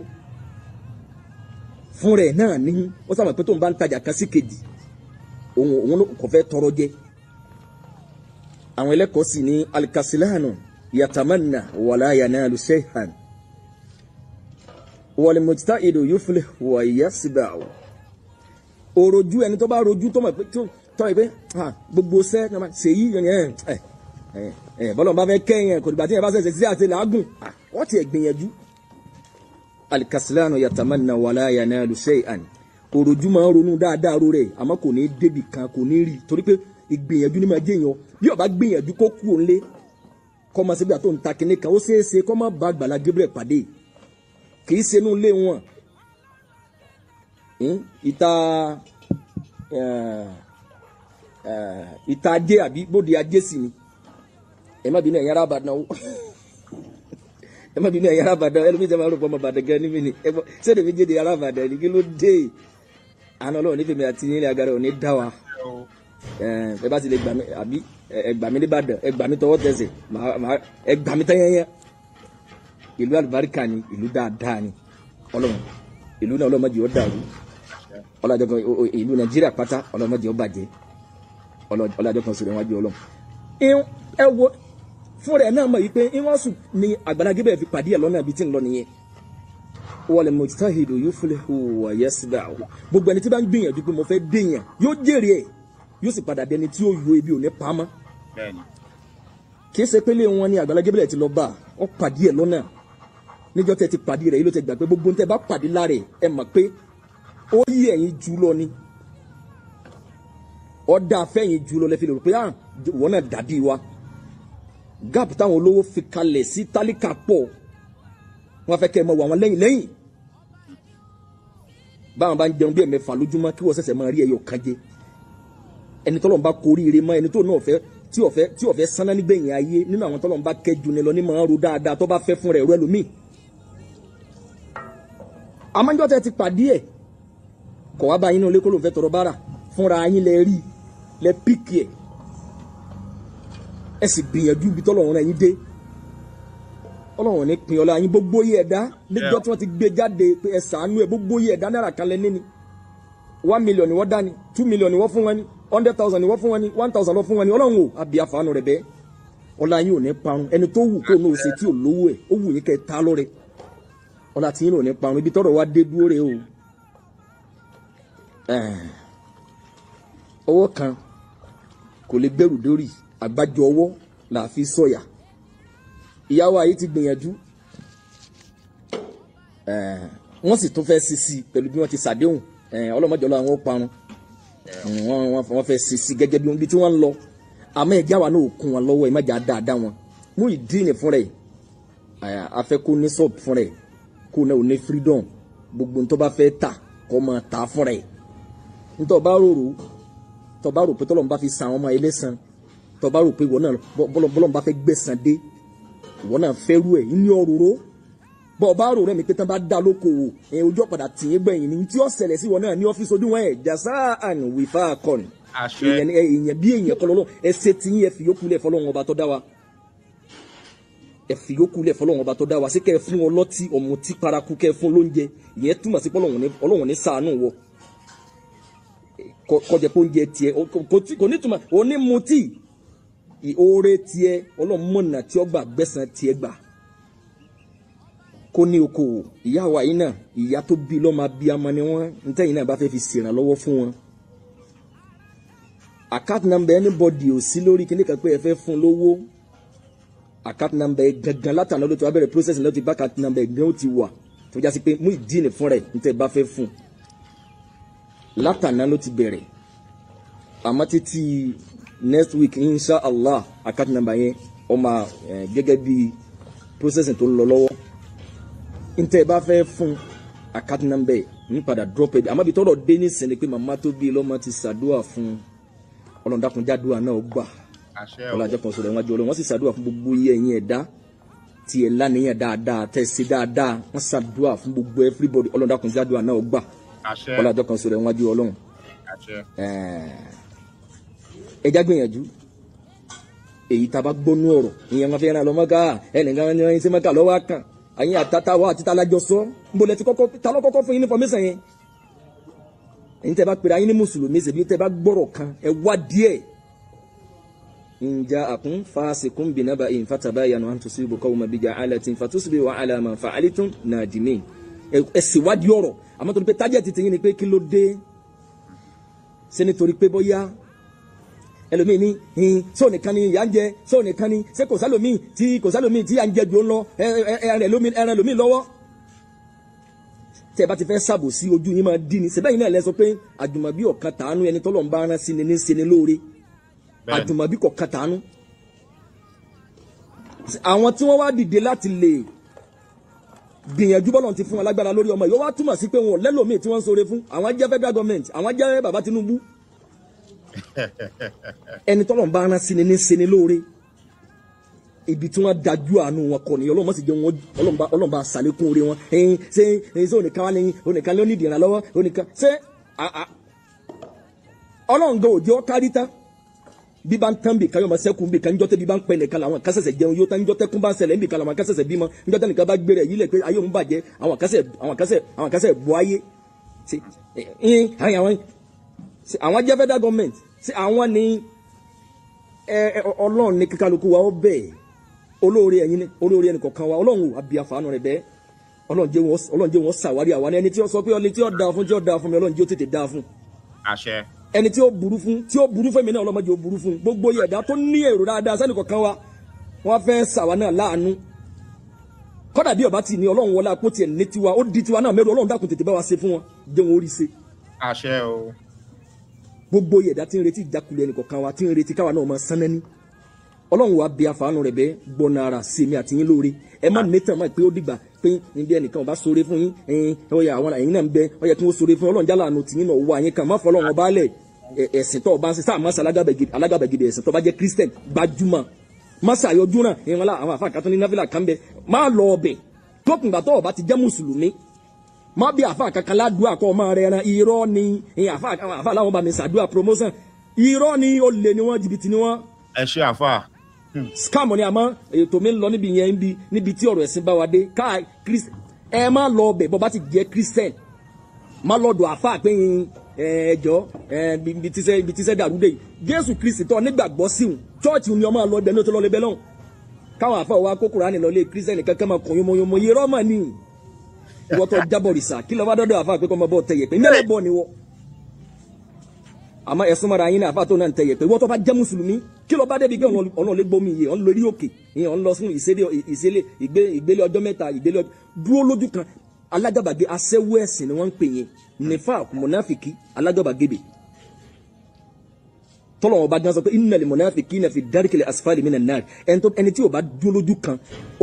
fún rẹ̀ náà ní wọ́n sábà pé tó ń bá ń tajà kan sí kejì òun òun kò fẹ́ tọrọ jẹ àwọn ẹlẹ́kọ̀ọ́ sì ní alikasilanu yatamanna wàlá yanalu shay'an walimujtahidu yuflih wa yasba'u òròjú ẹni tó bá rojú tó mọ̀ pé tó tọ́ pé ah, gbogbo sẹ́ ṣèyí yẹn ẹ ẹ Eh, bọ́lọ̀ bá fẹ́ kẹ́yìn kò dìgbà tí yẹn bá ṣẹ̀ṣẹ̀ sí àti làágùn ah, wọ́n ti gbìyànjú. alikasilanu yatamanna wala yanalu shay'an òròjú máa ń ronú dáadáa ro rẹ̀ àmọ́ kò ní débì kan kò ní rí torí pé ìgbìyànjú ni máa jẹyàn bí ó bá gbìyànjú kó kú òun lé kọ́ máa ṣẹ́gbà tó ń ta kinní kan ó ṣeé ṣe kọ́ máa bá Àgbàlá Gabriel pàdé kì í ṣenú lé wọn hmm? ìta eh, eh, ìta adé àbí bóde ajé sì ni ẹ má bínú ẹ̀yin ará Ìbàdàn o ẹ má bínú ẹ̀yin ará Ìbàdàn ẹlòmíì tẹ́ máa rò pọ̀ ọmọ Ìbàdàn gan níbi ni ẹ bọ́ sẹ́ni mi jẹ́de ará Ìbàdàn ni kí ló dé àná ọlọ́run nífẹ̀ẹ́ mi àti nílẹ̀ agara ò ní dá wa ẹ bá ti lè gbà mí àbí ẹ gbà mí nìbàdàn ẹ gbà mí tọwọ́ tẹsẹ̀ ẹ gbà mí tẹ́yẹ́yẹ́ ìlú àlùbáríkà ni ìlú dáadáa ni ọlọ́run ìlú náà ọlọ́run mọ̀jì ó dàrú ọlọ́jọ́ kan ìlú nàìjíríà pátá ọlọ́run mọ̀jì ó bàjẹ́ ọlọ́jọ́ sọ̀rọ̀ wájú ọlọ́run wo fún rẹ̀ náà mọ̀ yìí pé ìwọ̀nsù ni Agbala Gabriel fi pàdé ẹ̀ lọ́nà ibi tí ń lọ nìyẹn wọlé mujtahidu yuflihu wa yasda'u gbogbo ẹni tí bá ń gbìyànjú pé mo fẹ́ dèèyàn yóò jèrè ẹ̀ yóò sì padà dẹni tí ó yo ebi ò ní pamọ́ kì í ṣe pélé wọn ni Agbala Gabriel ti lọ bá ọ pàdé ẹ̀ lọ́nà níjọ́ tẹ́ ti pàdé rẹ̀ yìí ló ti gbà pé gbogbo tẹ́ bá pàdé lára ẹ̀ ẹ mọ̀ pé ó yí ẹ̀yin jù lọ ni ọ̀dà afẹ́yìn jù gap táwọn olówó fi kalẹ̀ sí tálíkà pọ̀ wọ́n fẹ́ kẹ́ ẹ mọ wà wọ́n lẹ́yìn lẹ́yìn báwọn bá ń jẹun bí ẹ̀mẹ́fà lójúmọ́ kí wọ́n ṣẹ̀ṣẹ̀ máa rí ẹyọ kan jẹ ẹni tọ́lọ́run bá korí ire mọ́ ẹni tó náà fẹ́ tí ọ̀fẹ́ tí ọ̀fẹ́ sáná nígbẹ̀yìn ayé nínú àwọn tọ́lọ́run bá kẹjù ni lọ ní máa ń ro dáadáa tó bá fẹ́ fún rẹ̀ rú ẹlòmíì amájọ́ tẹ ti pàdé ẹ̀ kọ̀ wá bá yín náà lé fẹ́ tọrọ bára fúnra yín lẹ rí lẹ píkì ẹ̀ ẹ sì gbìyànjú ibi tọ́lọ́run rẹ̀ yín dé ọlọ́run ní pin ọlá yín gbogbo yìí ẹ̀dá níjọ́ tí wọ́n ti gbé jáde pé ẹ ṣàánú ẹ gbogbo yìí ẹ̀dá náírà kan lẹ́ni ni one million ni wọ́n dá ni two million ni wọ́n fún wọn ni hundred thousand ni wọ́n fún wọn ni one thousand wọ́n fún wọn ni ọlọ́run o àbí àfààní rẹ̀ bẹ́ẹ̀ ọlá yín ò ní parun ẹni tó wù kó ní òsè tí ò lówó ẹ̀ ó wù yín kẹ́ ta lọ́rẹ̀ ọlá kan kò lè àgbájọ ọwọ́ là fi sọ̀yà ìyàwó ayé ti gbìyànjú wọ́n sì tún fẹ́ sí sí pẹ̀lú bí wọ́n ti ṣàdéhùn ọlọ́mọdéjọ́ làwọn ó parun wọ́n fẹ́ sí sí gẹ́gẹ́ bí wọ́n bí tí wọ́n ń lọ àmọ́ ẹ̀já wa náà kún wọn lọ́wọ́ ẹ̀ má jà dáadáa wọn mú ìdí ni fúnra ẹ̀ afẹ́ kó ní sọ́ọ̀b fúnra ẹ̀ kó náà ò ní freedom gbogbo ntọ́ bá fẹ́ tà kọ́ máa tà fúnra ẹ̀ ntọ́ bá rò rò tọ́ bá rò pé tọ́lọ́mù bá fi san àwọn ọmọ ilé san tó bá rò pé ìwọ náà bọ́lọ́n bá fẹ́ gbẹ̀sán dé ìwọ náà fẹ́ rú ẹ̀ ní òróró bọ́ ọba rò rẹ̀ mi pé tán bá dá lókòwò ẹ̀ ojú ọ̀padà tì í gbẹ̀yìn ni tí ó ṣẹlẹ̀ sí ìwọ náà ní ọ́fíìsì ojúwọ̀n ẹ̀ jàsá and wìfà kọ́ni èèyàn bí èèyàn kọ́ lọ́lọ́ ẹ ṣe tí yín ẹ fi yókù lẹ̀ fọlọ́run ọba tó dá wa ẹ fi yókù lẹ̀ fọlọ́run ọba tó dá wa sí kẹ́ ẹ fún ọlọ́tí ọ̀mùtí paraku kẹ́ ẹ fún lóúnjẹ ìyẹn túmọ̀ sí Ọlọ́run ní ṣàánú wọ kọjá pé oúnjẹ tiẹ̀ kò ní túmọ̀ ìhóore tiẹ̀ ọlọ́run mọ̀nà tí ó gbà gbẹ̀san tiẹ̀ gbà kó ní okòwò ìyá wa yìí náà ìyá tó bí lọ́mọ abiyamọ ni wọ́n ntẹ́yìn náà bá fẹ́ fi ṣèrànlọ́wọ́ fún wọn account number anybody ò sí lórí kíní kan pé ẹ fẹ́ fún lówó account number gangan látàná ló ti wá bẹ̀rẹ̀ process lọ́ọ́ ti bá account number gan ó ti wà tó jásí pé mú ìdí nì fún rẹ̀ ntẹ́ bá fẹ́ fún látàná ló ti bẹ̀rẹ̀ àmọ́ títí next week insha allah account number yẹn ọ máa gẹ́gẹ́ bí processing tó ń lọ lọ́wọ́ n tẹ́ ẹ bá fẹ́ fún account number yẹn n padà drop ẹ̀ àmọ́ ibi tọ́rọ̀ dé ní sẹ́ni pé màmá tó bí lọ́mọ ti ṣàdúrà fún ọlọ́dàkúnjádùá náà gbà ọlọ́dàjọ́ kan sọ̀rọ̀ ìwájú ọlọ́run wọ́n sì ṣàdúrà fún gbogbo iye ẹ̀yìn ẹ̀dá tí ẹ lánìyàn dáadáa tẹ́ ṣe dáadáa wọ́n ṣàdúrà fún gbogbo everybody ọlọ́dàkúnjádùá náà gbà ọlọ́dàjọ́ kan sọ̀rọ̀ ìwájú ọlọ́run ẹja gbìyànjú èyí tá a bá gbónú ọ̀rọ̀ ìyẹn wọn fi ràn lọ mọ́ká ẹnìkan ní wọn ṣe mọ́ká lọ́wọ́ kan àyìn àtàtà wa àti talajọ sọ nbọlẹ ti kọ́kọ́ ta lọ kọ́kọ́ fún yín ní fọmísàn yẹn ẹ̀yin tẹ́ bá pèrè ayé ní mùsùlùmí ṣèbí tẹ́ bá gbọ́rọ̀ kan ẹ wá díẹ̀ njaa akun faasikun binaba in fataba yanu an tusibu qawma bija alatin fatusibi wa ala ma fa'alitum nadimin ẹ ṣèwádìí ọ̀rọ̀ àmọ́ tó ní ẹlòmíì ní hin sóò nìkan ni ìyá ń jẹ sóò nìkan ni ṣé kò sálòmíì tí kò sálòmíì tí à ń jẹ jù ó ń lọ ẹran ẹlòmíì lọ́wọ́ tẹ́ ẹ bá ti fẹ́ ṣàbò sí ojú yín máa dí ni ṣẹbẹ́ yìí náà lẹ sọ pé àjùmọ̀bí ọ̀kan tàánú ẹni tọ́lọ̀ ń bá rán sí ni ní ṣe ni lóore àjùmọ̀bí kọ̀ọ̀kan tàánú àwọn tí wọ́n wá dìde láti lè gbìyànjú bọ́lọ̀ ti fún wọn lórí ọmọ yìí government àwọn jẹ́ bàbá ẹni tọ́lọ́run bá rán sí ni ní ṣeni lóore ibi tí wọ́n dájú àánú wọn kọ nìyẹn ọlọ́run sì jẹ́ wọn ọlọ́run bá ṣàlékún oore wọn ẹyin ṣe ẹyin ṣe onìkan wà lẹ́yìn onìkan ló ní ìdìrà lọ́wọ́ onìkan ṣe ọlọ́run gan òjò kárí tán bí bá ń tán bì kan yóò máa sẹ́kù bì kan níjọ́ tẹ́ bí bá ń pẹ́ nìkan làwọn kásẹ̀sẹ̀ jẹun yóò tán níjọ́ tẹ́ kún bá ń ṣẹlẹ̀ níbi kan làwọn kásẹ̀sẹ̀ bímọ níjọ́ tẹ́ nìkan bá gbére yìí lẹ̀ pé ayé òun bàjẹ́ àwọn kásẹ̀ àwọn kásẹ̀ àwọn kásẹ̀ bu ayé ṣe ẹ̀yìn àwọn ṣé àwọn jẹ́ federal government ṣé àwọn ni ọlọ́run ní kíkálukú wa ó bẹ̀ẹ́ olóore ẹ̀yin olóore ẹnìkọ̀ọ̀kan wa ọlọ́run ò àbí àfàànù rẹ̀ bẹ́ẹ̀ ọlọ́run jẹ́ wọn ṣàwárí àwa ní ẹni tí ó sọ pé ẹni tí ó dáa fún tí ó dáa fún mi ọlọ́run jẹ́ ó tètè da fún. àṣẹ. ẹni tí ó burú fún tí ó burú fún mi náà ọlọ́mọdé ó burú fún gbogbo ẹ̀dá tó ní èrò dáadáa sẹ́ni wa wọ́n fẹ́ ṣàwa náà láàánú kọ́dà bí ọba ti ní ọlọ́run wọlé àpótí ẹ̀ ní tiwa ó di tiwa náà mẹ́rù ọlọ́run dákun tètè bá wa ṣe fún wọn jẹ́ wọn ó rí ṣe. àṣẹ o gbogbo ẹ̀dá tí ń retí ìjákulẹ̀ ẹnìkọ̀kan wa tí ń retí káwa náà máa sán nání ọlọ́run wa bí àfàànù rẹ̀ bẹ́ gbọ́nà ara sí èmi àti yín lóore ẹ má nítàn máa pé ó dìgbà pé níbi ẹnìkan ọba sóore fún yín ẹyin ọyà àwọn ẹyin náà ń bẹ ọyà tí wọn sóore fún ọlọ́run jálà àánú tìyín náà wọ àyín kan má fọ ọlọ́run ọba alẹ̀ ẹ̀sìn tó ọba ń ṣe sáà má ṣe alágàbàgìdì ẹ̀sìn tó bá jẹ́ christian gbajúmọ̀ má ṣe àyọjú náà ìrànlá àwọn àfàkàtúndínláfíà kan bẹ má lọ ọbẹ̀ tó kùngbà tó ọba ti jẹ́ mùsùlùmí Ma bi àfa kankan ládùúà kọ́ ọmọ rẹ ran irọ́ ni àfa àfa láwọn bá mi ṣàdúrà promotion irọ́ ni olè ni wọ́n jìbìtì ni wọ́n. ẹ ṣe àfa. Hmm. scam ni àmọ́ ètò mi ń lọ níbi yẹn níbi níbi tí ọ̀rọ̀ ẹ̀sìn bá wa dé ká ẹ má lọ ọbẹ̀ bọ́ bá ti jẹ́ christian má lọ́dọ̀ àfa pé ẹjọ́ ibi tí sẹ́ dàrú dé jésù kristi tó nígbàgbọ́ sí òun chọ́ọ̀chì ni ọmọ àlọ́ bẹ̀ ní o tó lọ lẹ́bẹ̀ lọ́hùn káwọn àfa wa kókòrò á nílọ ilé christian kankan ma kọ̀ yomoyomo irọ́ mà ni ìwọ tó jábọ̀ rìsà kí ló bá dọ́dọ̀ àfa pé kọ́ máa bọ̀ tẹ̀yẹ̀ pé mẹ́lẹ̀ bọ̀ ni wọ́ àmọ́ ẹ̀sùn mara yín ní àfa tó náà ń tẹ̀yẹ̀ pé ìwọ tó bá jẹ́ mùsùlùmí kí ló bá débi pé ọ̀nà lè gbomi yìí ọ̀n lórí òkè ọ̀n lọ sínú ìṣẹ̀lẹ̀ ìgbélé ọjọ́ mẹ́ta ìgbélé dúró lójú kan alágàbàgbé aṣẹ́wó ẹ̀sìn ni wọ́n ń pè yẹn nífà mọ̀náfìkì alágàbàgbébè tọ́lọ̀ ọba gan sọ pé innal munafiqina fi dárìkìlẹ̀ asfali minan nar ẹni tí ò bá dúró lójú kan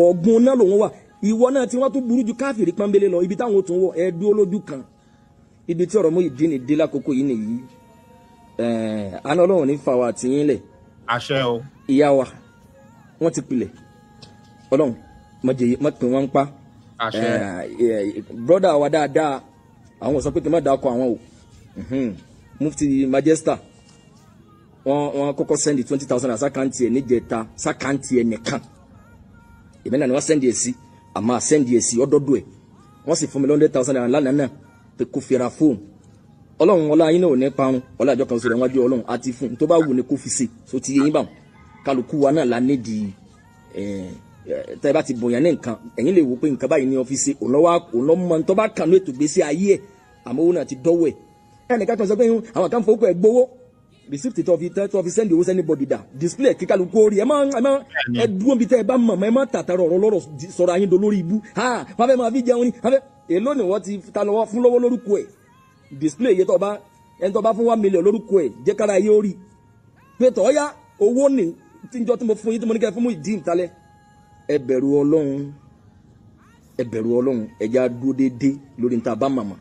ọ̀gbun náà lòun wà ìwọ náà tí wọ́n tún burú ju káfìrí pọ́nbélé lọ ibi táwọn tún wọ ẹ̀ẹ́dú olójú kan ibi tí ọ̀rọ̀ mú ìdí ni dé lákòókò yìí nìyí àná ọlọ́run ní fàwa àtìyín lẹ̀. àṣẹ o. ìyá wa wọ́n ti pilẹ̀ ọlọ́run mọ̀ pé wọ́n ń pa. àṣẹ. brọ́dà wa dáadáa àwọn sọ pé kí n má dáa kọ àwọn o mufti majesta wọ́n kọ́kọ́ sẹ́ndì twenty thousand àsákàntì ẹ̀ níjẹta sákàntì ẹ̀ nìkan èmi ni wọ́n sẹ́ndì ẹ̀ sí. Si ama àsẹ́ndì èsì ọdọ́dọ́ ẹ̀ wọ́n sì fún mi lọ́ndẹ́ tàwọn sàdàrà lánàá náà pé kò fira fóun yín náà ní parun ọlá àjọ kan sọ̀rọ̀ wájú ọlọ́run àti fún tó bá wù ní kó so ti yẹyin bá kálukú wa náà la nídìí tẹ́ bá ti bòyàn ní nǹkan ẹ̀yin lè wò pé nǹkan báyìí ní ọ́fíìsì òun lọ́ mọ tó bá kànú ètò gbèsè ayé ẹ̀ àmọ́ òun náà ti dọ́wọ́ ẹ̀ ẹnìkan kan sọ pé àwọn kan receipt tó fi tó fi send owó sẹ́ni bọ̀dì dà display kíkálukú orí ẹ má ẹ má ẹ dúró bí tẹ ẹ bá mọ̀ ẹ má tàtàrà ọ̀rọ̀ lọ́rọ̀ sọ̀rọ̀ ayé do lórí ibú ha fáfẹ́ máa fi jẹun ni fáfẹ́ èló ni wọ́n ti ta lọ́wọ́ fún lọ́wọ́ lórúkọ ẹ̀ display yẹ tó bá ẹni tó fún one million lórúkọ ẹ̀ jẹ́ kára ayé orí pé tọ́ owó ni tíjọ́ tí mo fún yín tí mo ní kẹ́ fún mú ìdí ìtalẹ̀ ẹ bẹ̀rù Ọlọ́run ẹ bẹ̀rù Ọlọ́run ẹ já dúró déédéé lórí níta bá màmá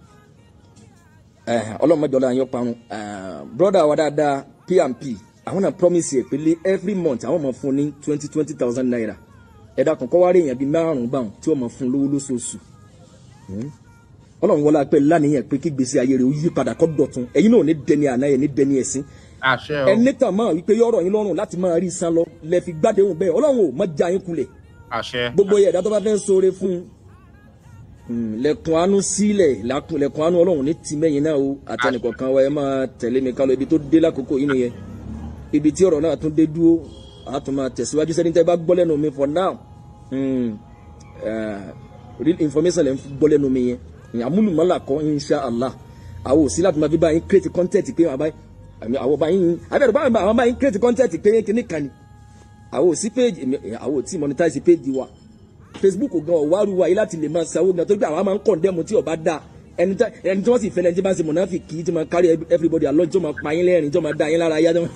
ọlọ́mọdé eh, ọlọ́run yóò parun eh, broda wa dáadáa pmp àwọn náà promise ẹ pé lé every month àwọn máa fún ní twenty twenty thousand naira ẹ̀dá kan kọ́ wá rí èèyàn bíi márùn-ún báwọn tí wọ́n máa fún lówó lóṣooṣù hmm? ọlọ́run wọlé apẹ́ lánìyàn pé kí gbèsè ayé rẹ̀ ó yí padà kó dọ̀tun ẹ̀yin náà ní dẹni àná ẹ̀ ní dẹni ẹ̀sìn ẹni tàn mọ́ wípé yọ̀rọ̀ yín lọ́rùn láti máa rí san lọ lẹ́ẹ̀fi gbádẹ́hùn bẹ́ẹ̀ ọlọ́run ò mọ̀ já yín kulẹ̀ gbogbo ẹ̀dá tó bá fẹ́ sóore fún un Mm, lẹ̀kùn àánú sílẹ̀ lẹ̀kùn àánú ọlọ́run ní tìmẹ́yìn náà o àtẹnìkọ̀kan wa ẹ máa tẹ̀lé mi kálọ ibi tó dé lákòókò yìí nìyẹn ibi tí ọ̀rọ̀ náà tún dé dúró a tún máa tẹ̀síwájú sẹ́ni tẹ́ bá gbọ́ lẹ́nu mi for now mm, eh, real information lẹ́ ń gbọ́ lẹ́nu mi yẹn àmúlùmọ́là kọ́ insha allah àwọn òsì láti máa fi báyìí create content pé àwọn báyìí abẹ́rẹ́ báwọn báyìí create content pé kíní kan ni àwọn òsì page àwọn òtí monetize page wa. Facebook gan wa yìí láti lè máa sanwó gan torí pé àwa máa ń kọ̀ndẹ́mu tí ọba dáa ẹni tí wọ́n sì fẹ́ ẹni tí bá ń ṣe mọ̀nàfì kì í ti máa kárí everybody alọ́ tí ó máa pa yín lẹ́rìn tí ó máa dá yín lára yá tí wọ́n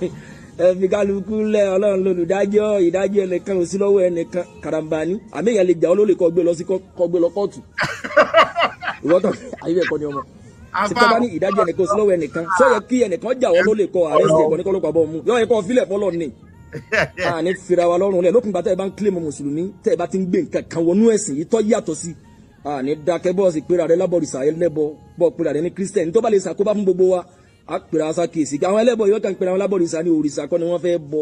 ẹ̀fí kálukú lẹ̀ ọlọ́run lolùdájọ́ ìdájọ́ ẹnìkan ò sí lọ́wọ́ ẹnìkan karambani àmì ìyẹn lè jà ọ́ ló lè kọ́ gbé lọ sí kọ́ gbé lọ kóòtù ìwọ́tọ̀ ayé ẹ̀kọ́ ni ọmọ sìkọ́ba ní ìdájọ́ ẹnìkan ò sí lọ́wọ́ ẹnìkan sọ yẹ kí ẹnìkan jà ọ́ ló lè kọ́ àrẹ́sì ní kọ́lọ́pàá bọ́ mu yọ ẹ̀kọ́ fílẹ̀ fọlọ́ ni a ní fira wa lọ́rùn lẹ̀ lópin ìgbà tẹ́ ẹ bá ń kílè mọ́ mùsùlùmí tẹ́ ẹ bá ti ń gbé nǹkan kan wọnú ẹ̀sìn yìí tọ́ yàtọ̀ sí a ní dákẹ́ bọ́ọ̀sì pera rẹ lábọ̀rìṣà ẹlẹ́bọ bọ́ọ̀ pera rẹ ní kírísítẹ̀n tó bá lè ṣàkóbá fún gbogbo wa a pera wa ṣàkíyèsí àwọn ẹlẹ́bọ yóò kàn pera wọn lábọ̀rìṣà ní òrìṣà kọ́ ni wọ́n fẹ́ bọ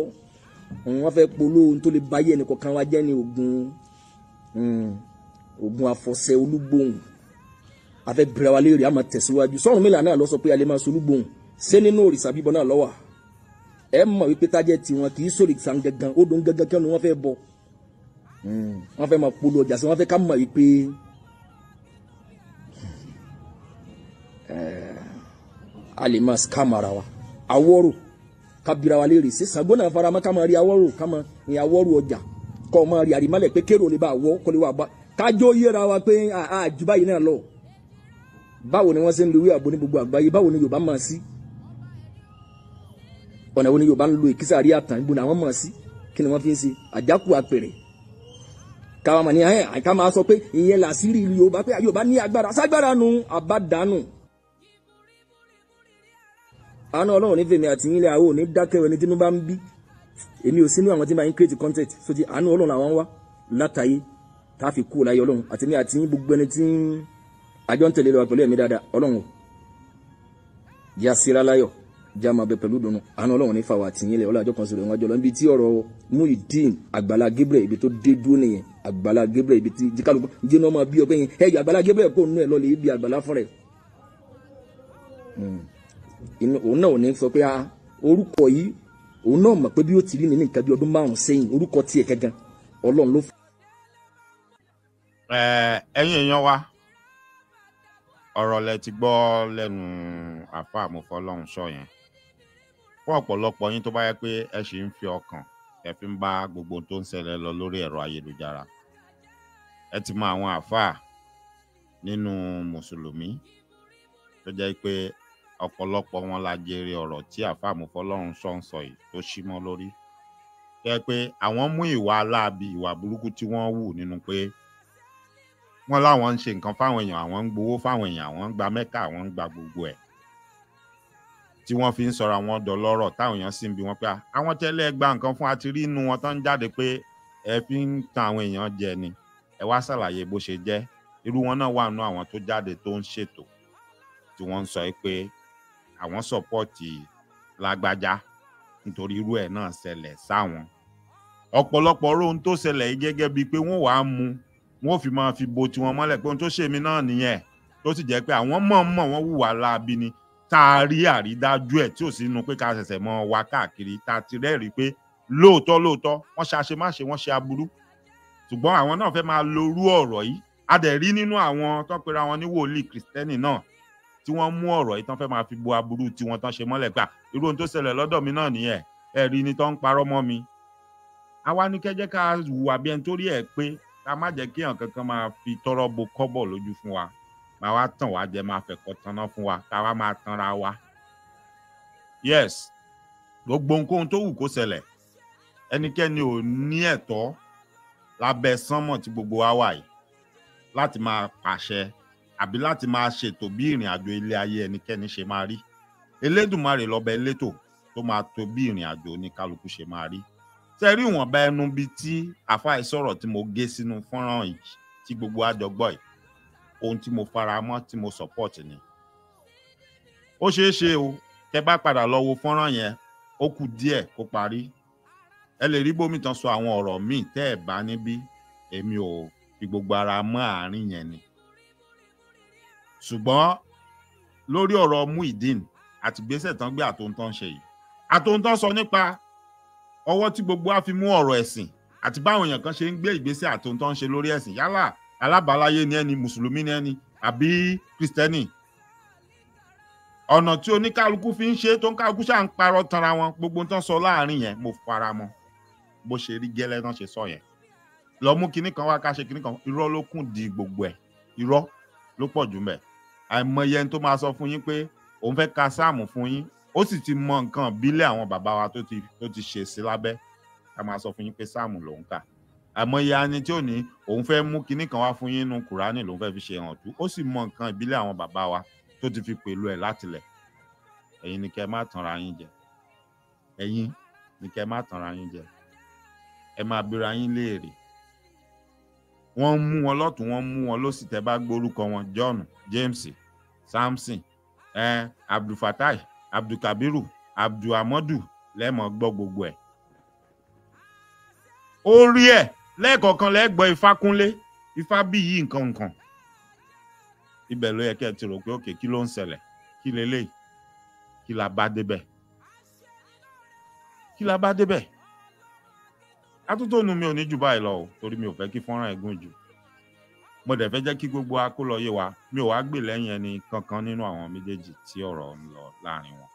wọ́n fẹ́ polo ohun tó lè báyé ẹnì kọ̀ọ̀kan wa jẹ́ ní hmm, a fẹ́ bẹ̀rẹ̀ wa léèrè a máa tẹ̀síwájú sọ́run mélòó náà lọ sọ pé a lè máa solúgbòhùn ṣé ẹ mọ̀ wípé tájẹ́ tiwọn kì í sórí san gangan ó dùn gangan kẹ́nu wọ́n fẹ́ bọ̀ hmm, wọ́n fẹ́ máa polo ọjà sí wọ́n fẹ́ ká mọ̀ wípé eh, a lè máa scam ara wa awọ́rò kábíra wa léèrè sí Ṣàngó náà faramọ́ ká máa rí awọ́rò ká máa ní awọ́rò ọjà kọ́ máa rí àrímálẹ̀ pé kérò lè bá wọ́ kó lè wà bá kájọ́ yẹra wa pé àjùbáyìí ah, ah, náà lọ báwo ni wọ́n ṣe ń lu wíwà bo ní gbogbo àgbáyé báwo ni Yorùbá máa sí. Si ọ̀nà wo ni Yorùbá ń lo ìkísàrí àtàn ìbùnà àwọn mọ̀ sí kí ni wọ́n fi ń ṣe àjákù àpèrè káwa mọ̀ ní ẹ̀ àìká máa sọ pé ìyẹn làásìrì ìlú Yorùbá pé Yorùbá ní agbára ságbára nu àbádànù àánú Ọlọ́run ní fèmí àti yín lé àwọn òní dákẹ́rọ ní tinubu ń bí èmi ò sínú àwọn tí máa ń create content so ti àánú Ọlọ́run làwọn wá látàyè tá a fi kú láyé Ọlọ́run àti mi àti yín gbogbo ẹni tí àjọ ń tẹ̀lé lọ pẹ̀lú ẹ̀mí dáadáa Ọlọ́run yà síra láyọ̀ já máa bẹ pẹ̀lú dùnú àánú ọlọ́run ní fàwọn àtìyìn lẹ̀ ọlọ́jọ́ kan sọ̀rọ̀ ìwọ̀n àjọlọ níbi tí ọ̀rọ̀ Muyideen Àgbàlá Gabriel ibi tó dé dúró nìyẹn Àgbàlá Gabriel ibi tí jíkàlùkù jẹ́ náà máa bí ọgbẹ́ yẹn ẹ̀yà Àgbàlá Gabriel kò nú ẹ̀ lọ́lẹ̀ ibi àgbàlá fún rẹ̀. Hmm. òun náà ò ní sọ pé ah, orúkọ yìí òun náà mọ̀ pé bí ó ti rí ní nǹkan bí ọdún márùn-ún sẹ́yìn orúkọ tiẹ̀ kẹ́gan ọlọ́run ló. ẹ̀yin èèyàn ọ̀rọ̀ lẹ ti gbọ́ lẹ́nu àfa àmúfọ́lọ́hún sọ yẹn fún ọ̀pọ̀lọpọ̀ yín tó bá yẹ pé ẹ ṣì ń fi ọkàn ẹ fi ń bá gbogbo tó ń ṣẹlẹ̀ lọ lórí ẹ̀rọ ayélujára ẹ ti mọ àwọn àáfàá nínú mùsùlùmí tó jẹ́ pé ọ̀pọ̀lọpọ̀ wọn la jèrè ọ̀rọ̀ tí àáfàá Mofọ́lọ́run sọ ń sọ yìí tó ṣí mọ́ lórí tó jẹ́ pé àwọn mú ìwà aláàbí ìwà burúkú tí wọ́n hù nínú pé wọ́n láwọn ń ṣe nǹkan fáwọn èèyàn àwọn ń gbowó fáwọn èèyàn àwọn ń gba mẹ́kà àwọn ń gba gbogbo ẹ̀ tí wọ́n fi ń sọ̀rọ̀ àwọn dọ̀lọ́rọ̀ táwọn èèyàn sì ń bi wọ́n pé àwọn tẹ́lẹ̀ gba nǹkan fún àti rí inú wọn tó ń jáde pé ẹ fi ń tan àwọn èèyàn jẹ ni ẹ wá ṣàlàyé bó ṣe jẹ́ irú wọn náà wà nú àwọn tó jáde tó ń ṣètò tí wọ́n ń sọ pé àwọn sọ́pọ́ọ̀tì lágbájá nítorí irú ẹ̀ náà ṣẹlẹ̀ sáwọn ọ̀pọ̀lọpọ̀ rohun tó ṣẹlẹ̀ yìí gẹ́gẹ́ bíi pé wọ́n wàá mu wọ́n fi máa fi bo tiwọn mọ́lẹ̀ pé ohun tó ṣèmi náà nìyẹn tó sì jẹ́ pé àwọn mọ̀ọ́mọ̀ wọ́n hùwà láabi ni tá a rí àrídájú ẹ̀ tí ò sí inú pé ká ṣẹ̀ṣẹ̀ mọ́ wa káàkiri tá a ti rẹ́rìí pé lóòótọ́ lóòótọ́ wọ́n ṣe àṣemáṣe wọ́n ṣe aburú ṣùgbọ́n àwọn náà fẹ́ máa lorú ọ̀rọ̀ yìí a dẹ̀ rí nínú àwọn tó pera wọn ní wòlíì kìrìsìtẹ́nì náà tí wọ́n mú ọ̀rọ̀ yìí tán fẹ́ máa fi bo aburú tí wọ́n tán ṣe mọ́lẹ̀ gbà irú ohun tó ṣẹlẹ̀ lọ́dọ̀ mi náà nìyẹn ẹ rí ni tó ń parọ́ mọ́ mi àwa ní kẹ́jẹ́ ká hùwà bí ẹni tó rí ẹ̀ pé ká má jẹ́ kí èèyàn kankan máa fi tọ́rọ́ bo kọ́bọ̀ lójú fún wa máa wá tàn wá jẹ máa fẹ̀kọ́ tanná fún wa ká wá máa tanra wa yes gbogbo ohunkóhun tó wù kó ṣẹlẹ̀ ẹnikẹ́ni ò ní ẹ̀tọ́ lábẹ́ sánmọ̀ tí gbogbo wa wà yìí láti máa pàṣẹ àbí láti máa ṣètò bí ìrìn àjò ilé ayé ẹnikẹ́ni ṣe máa rí elédùnmarè lọ́bẹ̀ elétò tó máa tó bí ìrìn àjò oníkálukú ṣe máa rí ṣe rí ìwọ̀nba ẹnu bíi tí àfáì sọ̀rọ̀ tí mo gé sínú fọ́nrán yìí tí gbogbo àjọ gbọ́ yìí ohun tí mo fara mọ́ tí mo support ni ó ṣeé ṣe o tẹ bá padà lọ wo fọ́nrán yẹn ó kù díẹ̀ kó parí ẹ lè rí bómi tán sọ àwọn ọ̀rọ̀ míì tẹ́ ẹ̀ bá níbí èmi ò fi gbogbo ara mọ́ àárín yẹn ni ṣùgbọ́n lórí ọ̀rọ̀ Muyideen àti gbèsè tán gbé àtòǹtàn ṣe yìí àtòǹtàn sọ nípa ọwọ́ tí gbogbo wa fi mú ọ̀rọ̀ ẹ̀sìn àti báwọn èèyàn kan ṣe ń gbé ìgbésẹ̀ àtòǹtàn ṣe lórí ẹ̀sìn yálà alábàáláyé ni ẹni mùsùlùmí ni ẹni àbí kristẹni ọ̀nà tí oníkálukú fi ń ṣe tó ń kálukú ṣáà ń parọ́ tanra wọn gbogbo tán sọ láàrin yẹn mo fara mọ́ bó ṣe rí gẹ́lẹ́ náà ṣe sọ yẹn lọ mú kinní kan wá ká ṣe kinní kan irọ́ ló kùn di gbogbo ẹ̀ irọ́ ló pọ̀ jù mẹ́ àìmọye ẹni tó máa sọ fún yín pé òun fẹ́ ka sáàmù fún yín ó sì ti mọ nǹkan ìbílẹ̀ àwọn bàbá wa tó ti ṣe sí lábẹ́ ká máa sọ fún yín pé sáàmù lòun kà àmọye ani tí ò ní òun fẹ́ mú kinní kan wá fún yín nínú kùránì lòun fẹ́ fi ṣe hàn tú ó sì mọ nǹkan ìbílẹ̀ àwọn bàbá wa tó ti fi pẹ̀lú ẹ̀ látilẹ̀ ẹ̀yin ni kẹ́ má tanra yín jẹ ẹ̀yin ni kẹ́ má tanra yín jẹ ẹ máa bira yín léèrè wọ́n mú wọn lọ́tún wọ́n mú wọn lọ́sì tẹ́ bá gbórúkọ wọn John James Samson eh, Abdulfatai Abdulkabiru Abdulhamadu lẹ́mọ̀ gbọ́ gbogbo ẹ̀ ó rí ẹ̀ lẹ́ẹ̀kọ̀ọ̀kan lẹ́gbọ́ Ifákúnlé Ifábíyì nǹkan nǹkan ibẹ̀ ló yẹ kí ẹ ti rò pé òkè kí ló ń ṣẹlẹ̀ kí leléyìí kí la bá débẹ̀ kí la bá débẹ̀ atótónu mi ò ní jù báyìí lọ o torí mi ò fẹ́ kí fọ́nrán ẹ̀gùn jù mo dẹ̀ fẹ́ jẹ́ kí gbogbo akólọ́yé wa mi ò wá gbè lẹ́yìn ẹni kankan nínú àwọn méjèèjì tí ọ̀rọ̀ ń lọ láàrin wọn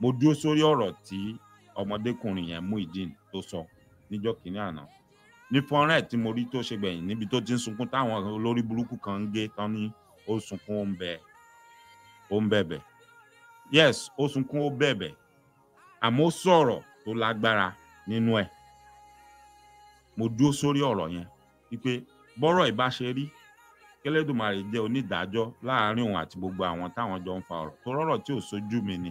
mo dúró sórí ọ̀rọ̀ tí ọmọdékùnrin yẹn Muyideen tó sọ níjọ́ kínní àná ní fọ́nrán tí mo rí tó ṣe gbẹ̀yìn níbi tó ti ń sunkún táwọn olórí burúkú kan ń gé tán ní ó sunkún ó ń bẹ ó ń bẹ̀bẹ̀ yes ó sunkún ó bẹ̀bẹ̀ àmọ́ sọ̀rọ̀ tó lágbára nínú ẹ̀ mo dúró sórí ọ̀rọ̀ yẹn wípé bọ́rọ̀ ìbá ṣe rí kẹlẹ́dùmarè jẹ́ onídàájọ́ láàárín òun àti gbogbo àwọn táwọn jọ ń fa ọ̀rọ̀ tó rọ́rọ̀ tí ò sójú mi ni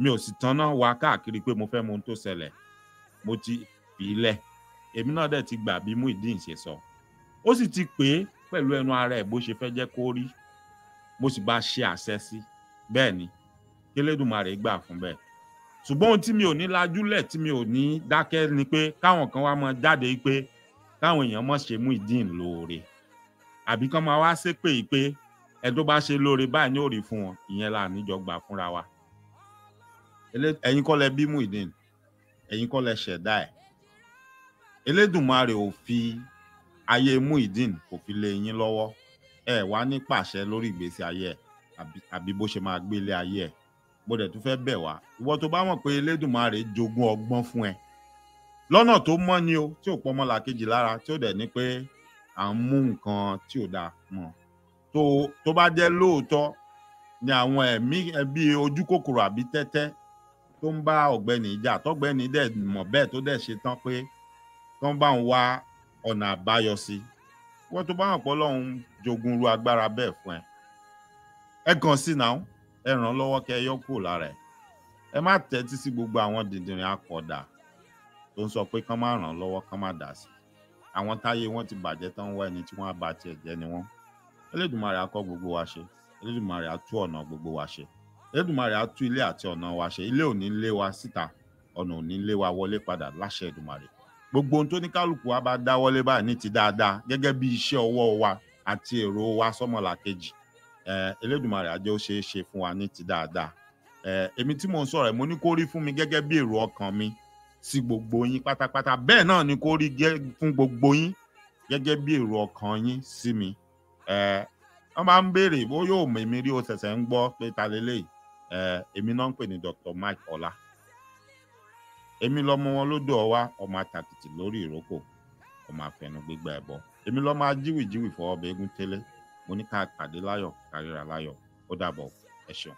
mi ò sì tanná wa káàkiri pé mo fẹ́ mọ tó ṣẹlẹ̀ mo ti fi í èmi náà dẹ̀ ti gbà bí Muyideen ṣe sọ ó sì ti pè é pẹ̀lú ẹnu ara ẹ̀ bó ṣe fẹ́ jẹ́ kó rí mo sì bá ṣe àṣẹ sí bẹ́ẹ̀ ni kélédùmarè gbà fún bẹ́ẹ̀ ṣùgbọ́n ohun tí mi ò ní lajúlẹ̀ tí mi ò ní dákẹ́ ni pé káwọn kan wá mọ jáde pé káwọn èèyàn mọ̀ ṣe Muyideen lóore àbí kán máa wá ṣépè yìí pé ẹdún bá ṣe lóore báyìí ní òòrè fún wọn ìyẹn là níjọ gbà fúnra wa ẹ̀yin kọ́ lẹ bí Muyideen ẹ̀yin kọ́ lẹ ṣẹ̀dá ẹ̀ elédùnmarè ò fi ayé Muyideen kò fi lé yín lọ́wọ́ ẹ wá ní pàṣẹ lórí ìgbésí ayé ẹ àbí bó ṣe máa gbé ilé ayé ẹ mo dẹ̀ tún fẹ́ bẹ̀ wá ìwọ tó bá mọ̀ pé elédùnmarè jogún ọgbọ́n fún ẹ lọ́nà tó mọ́ ni o tí ò pọmọ làkejì lára tí ò dẹ̀ ní pé à ń mú nǹkan tí ò dáa mọ́ tó tó bá jẹ́ lóòótọ́ ni àwọn ẹ̀mí ẹbí ojú kòkòrò àbí tẹ́tẹ́ tó ń bá ọ̀gbẹ́ni ìjà tọ́gbẹ́ni dẹ̀ mọ̀ bẹ́ẹ̀ tó dẹ̀ ṣe tán pé kán bá ń wá ọ̀nà àbáyọ sí wọ́n tó bá hàn pọ́ lọ́hún jogun ru agbára bẹ́ẹ̀ fún ẹ ẹ kàn sí náà ẹ ràn án lọ́wọ́ kẹ ẹ yọ kúrò lára ẹ ẹ má tẹ́tí sí gbogbo àwọn dìndìnrín akọ̀dà tó ń sọ pé kán má ràn án lọ́wọ́ kán má dà sí àwọn táyé wọn ti bàjẹ́ tán wá ẹni tí wọ́n á ba tiẹ̀ jẹ́ ni wọ́n Elédùmarè á gbogbo wa ṣe Elédùmarè á ọ̀nà gbogbo wa ṣe Elédùmarè á ilé àti ọ̀nà wa ṣe ilé ò ní lé wa síta ọ̀nà ò ní lé wa wọlé padà láṣẹ Èdùmarè gbogbo ohun tó ní kálukú wa bá dáwọ́lé báyìí ní ti dáadáa gẹ́gẹ́ bí iṣẹ́ ọwọ́ wa àti èrò wa sọ́mọlàkejì Elédùmarè á jẹ́ ó ṣeé ṣe fún wa ní ti dáadáa èmi tí mò ń sọ̀rọ̀ mo ní kó rí fún mi gẹ́gẹ́ bí èrò ọkàn mi sí gbogbo yín pátápátá bẹ́ẹ̀ náà ni kó rí fún gbogbo yín gẹ́gẹ́ bí èrò ọkàn yín sí mi wọ́n máa ń béèrè bó yóò mèmí rí o ṣẹ̀ṣẹ̀ ń gbọ́ pé ta lélẹ́yìí èmi náà ń pè ní Dr. Mike Ọlá èmi lọmọ wọn lódò ọwá ọmọ àtàkìtì lórí ìrókò ọmọ àfẹnú gbígbà ẹbọ èmi lọmọ ajíwìjíwì fọwọ́ bẹ́ẹ́gùn tẹ́lẹ̀ mo ní ká pàdé láyọ̀ ká ríra ó dàbọ̀ ẹ ṣeun.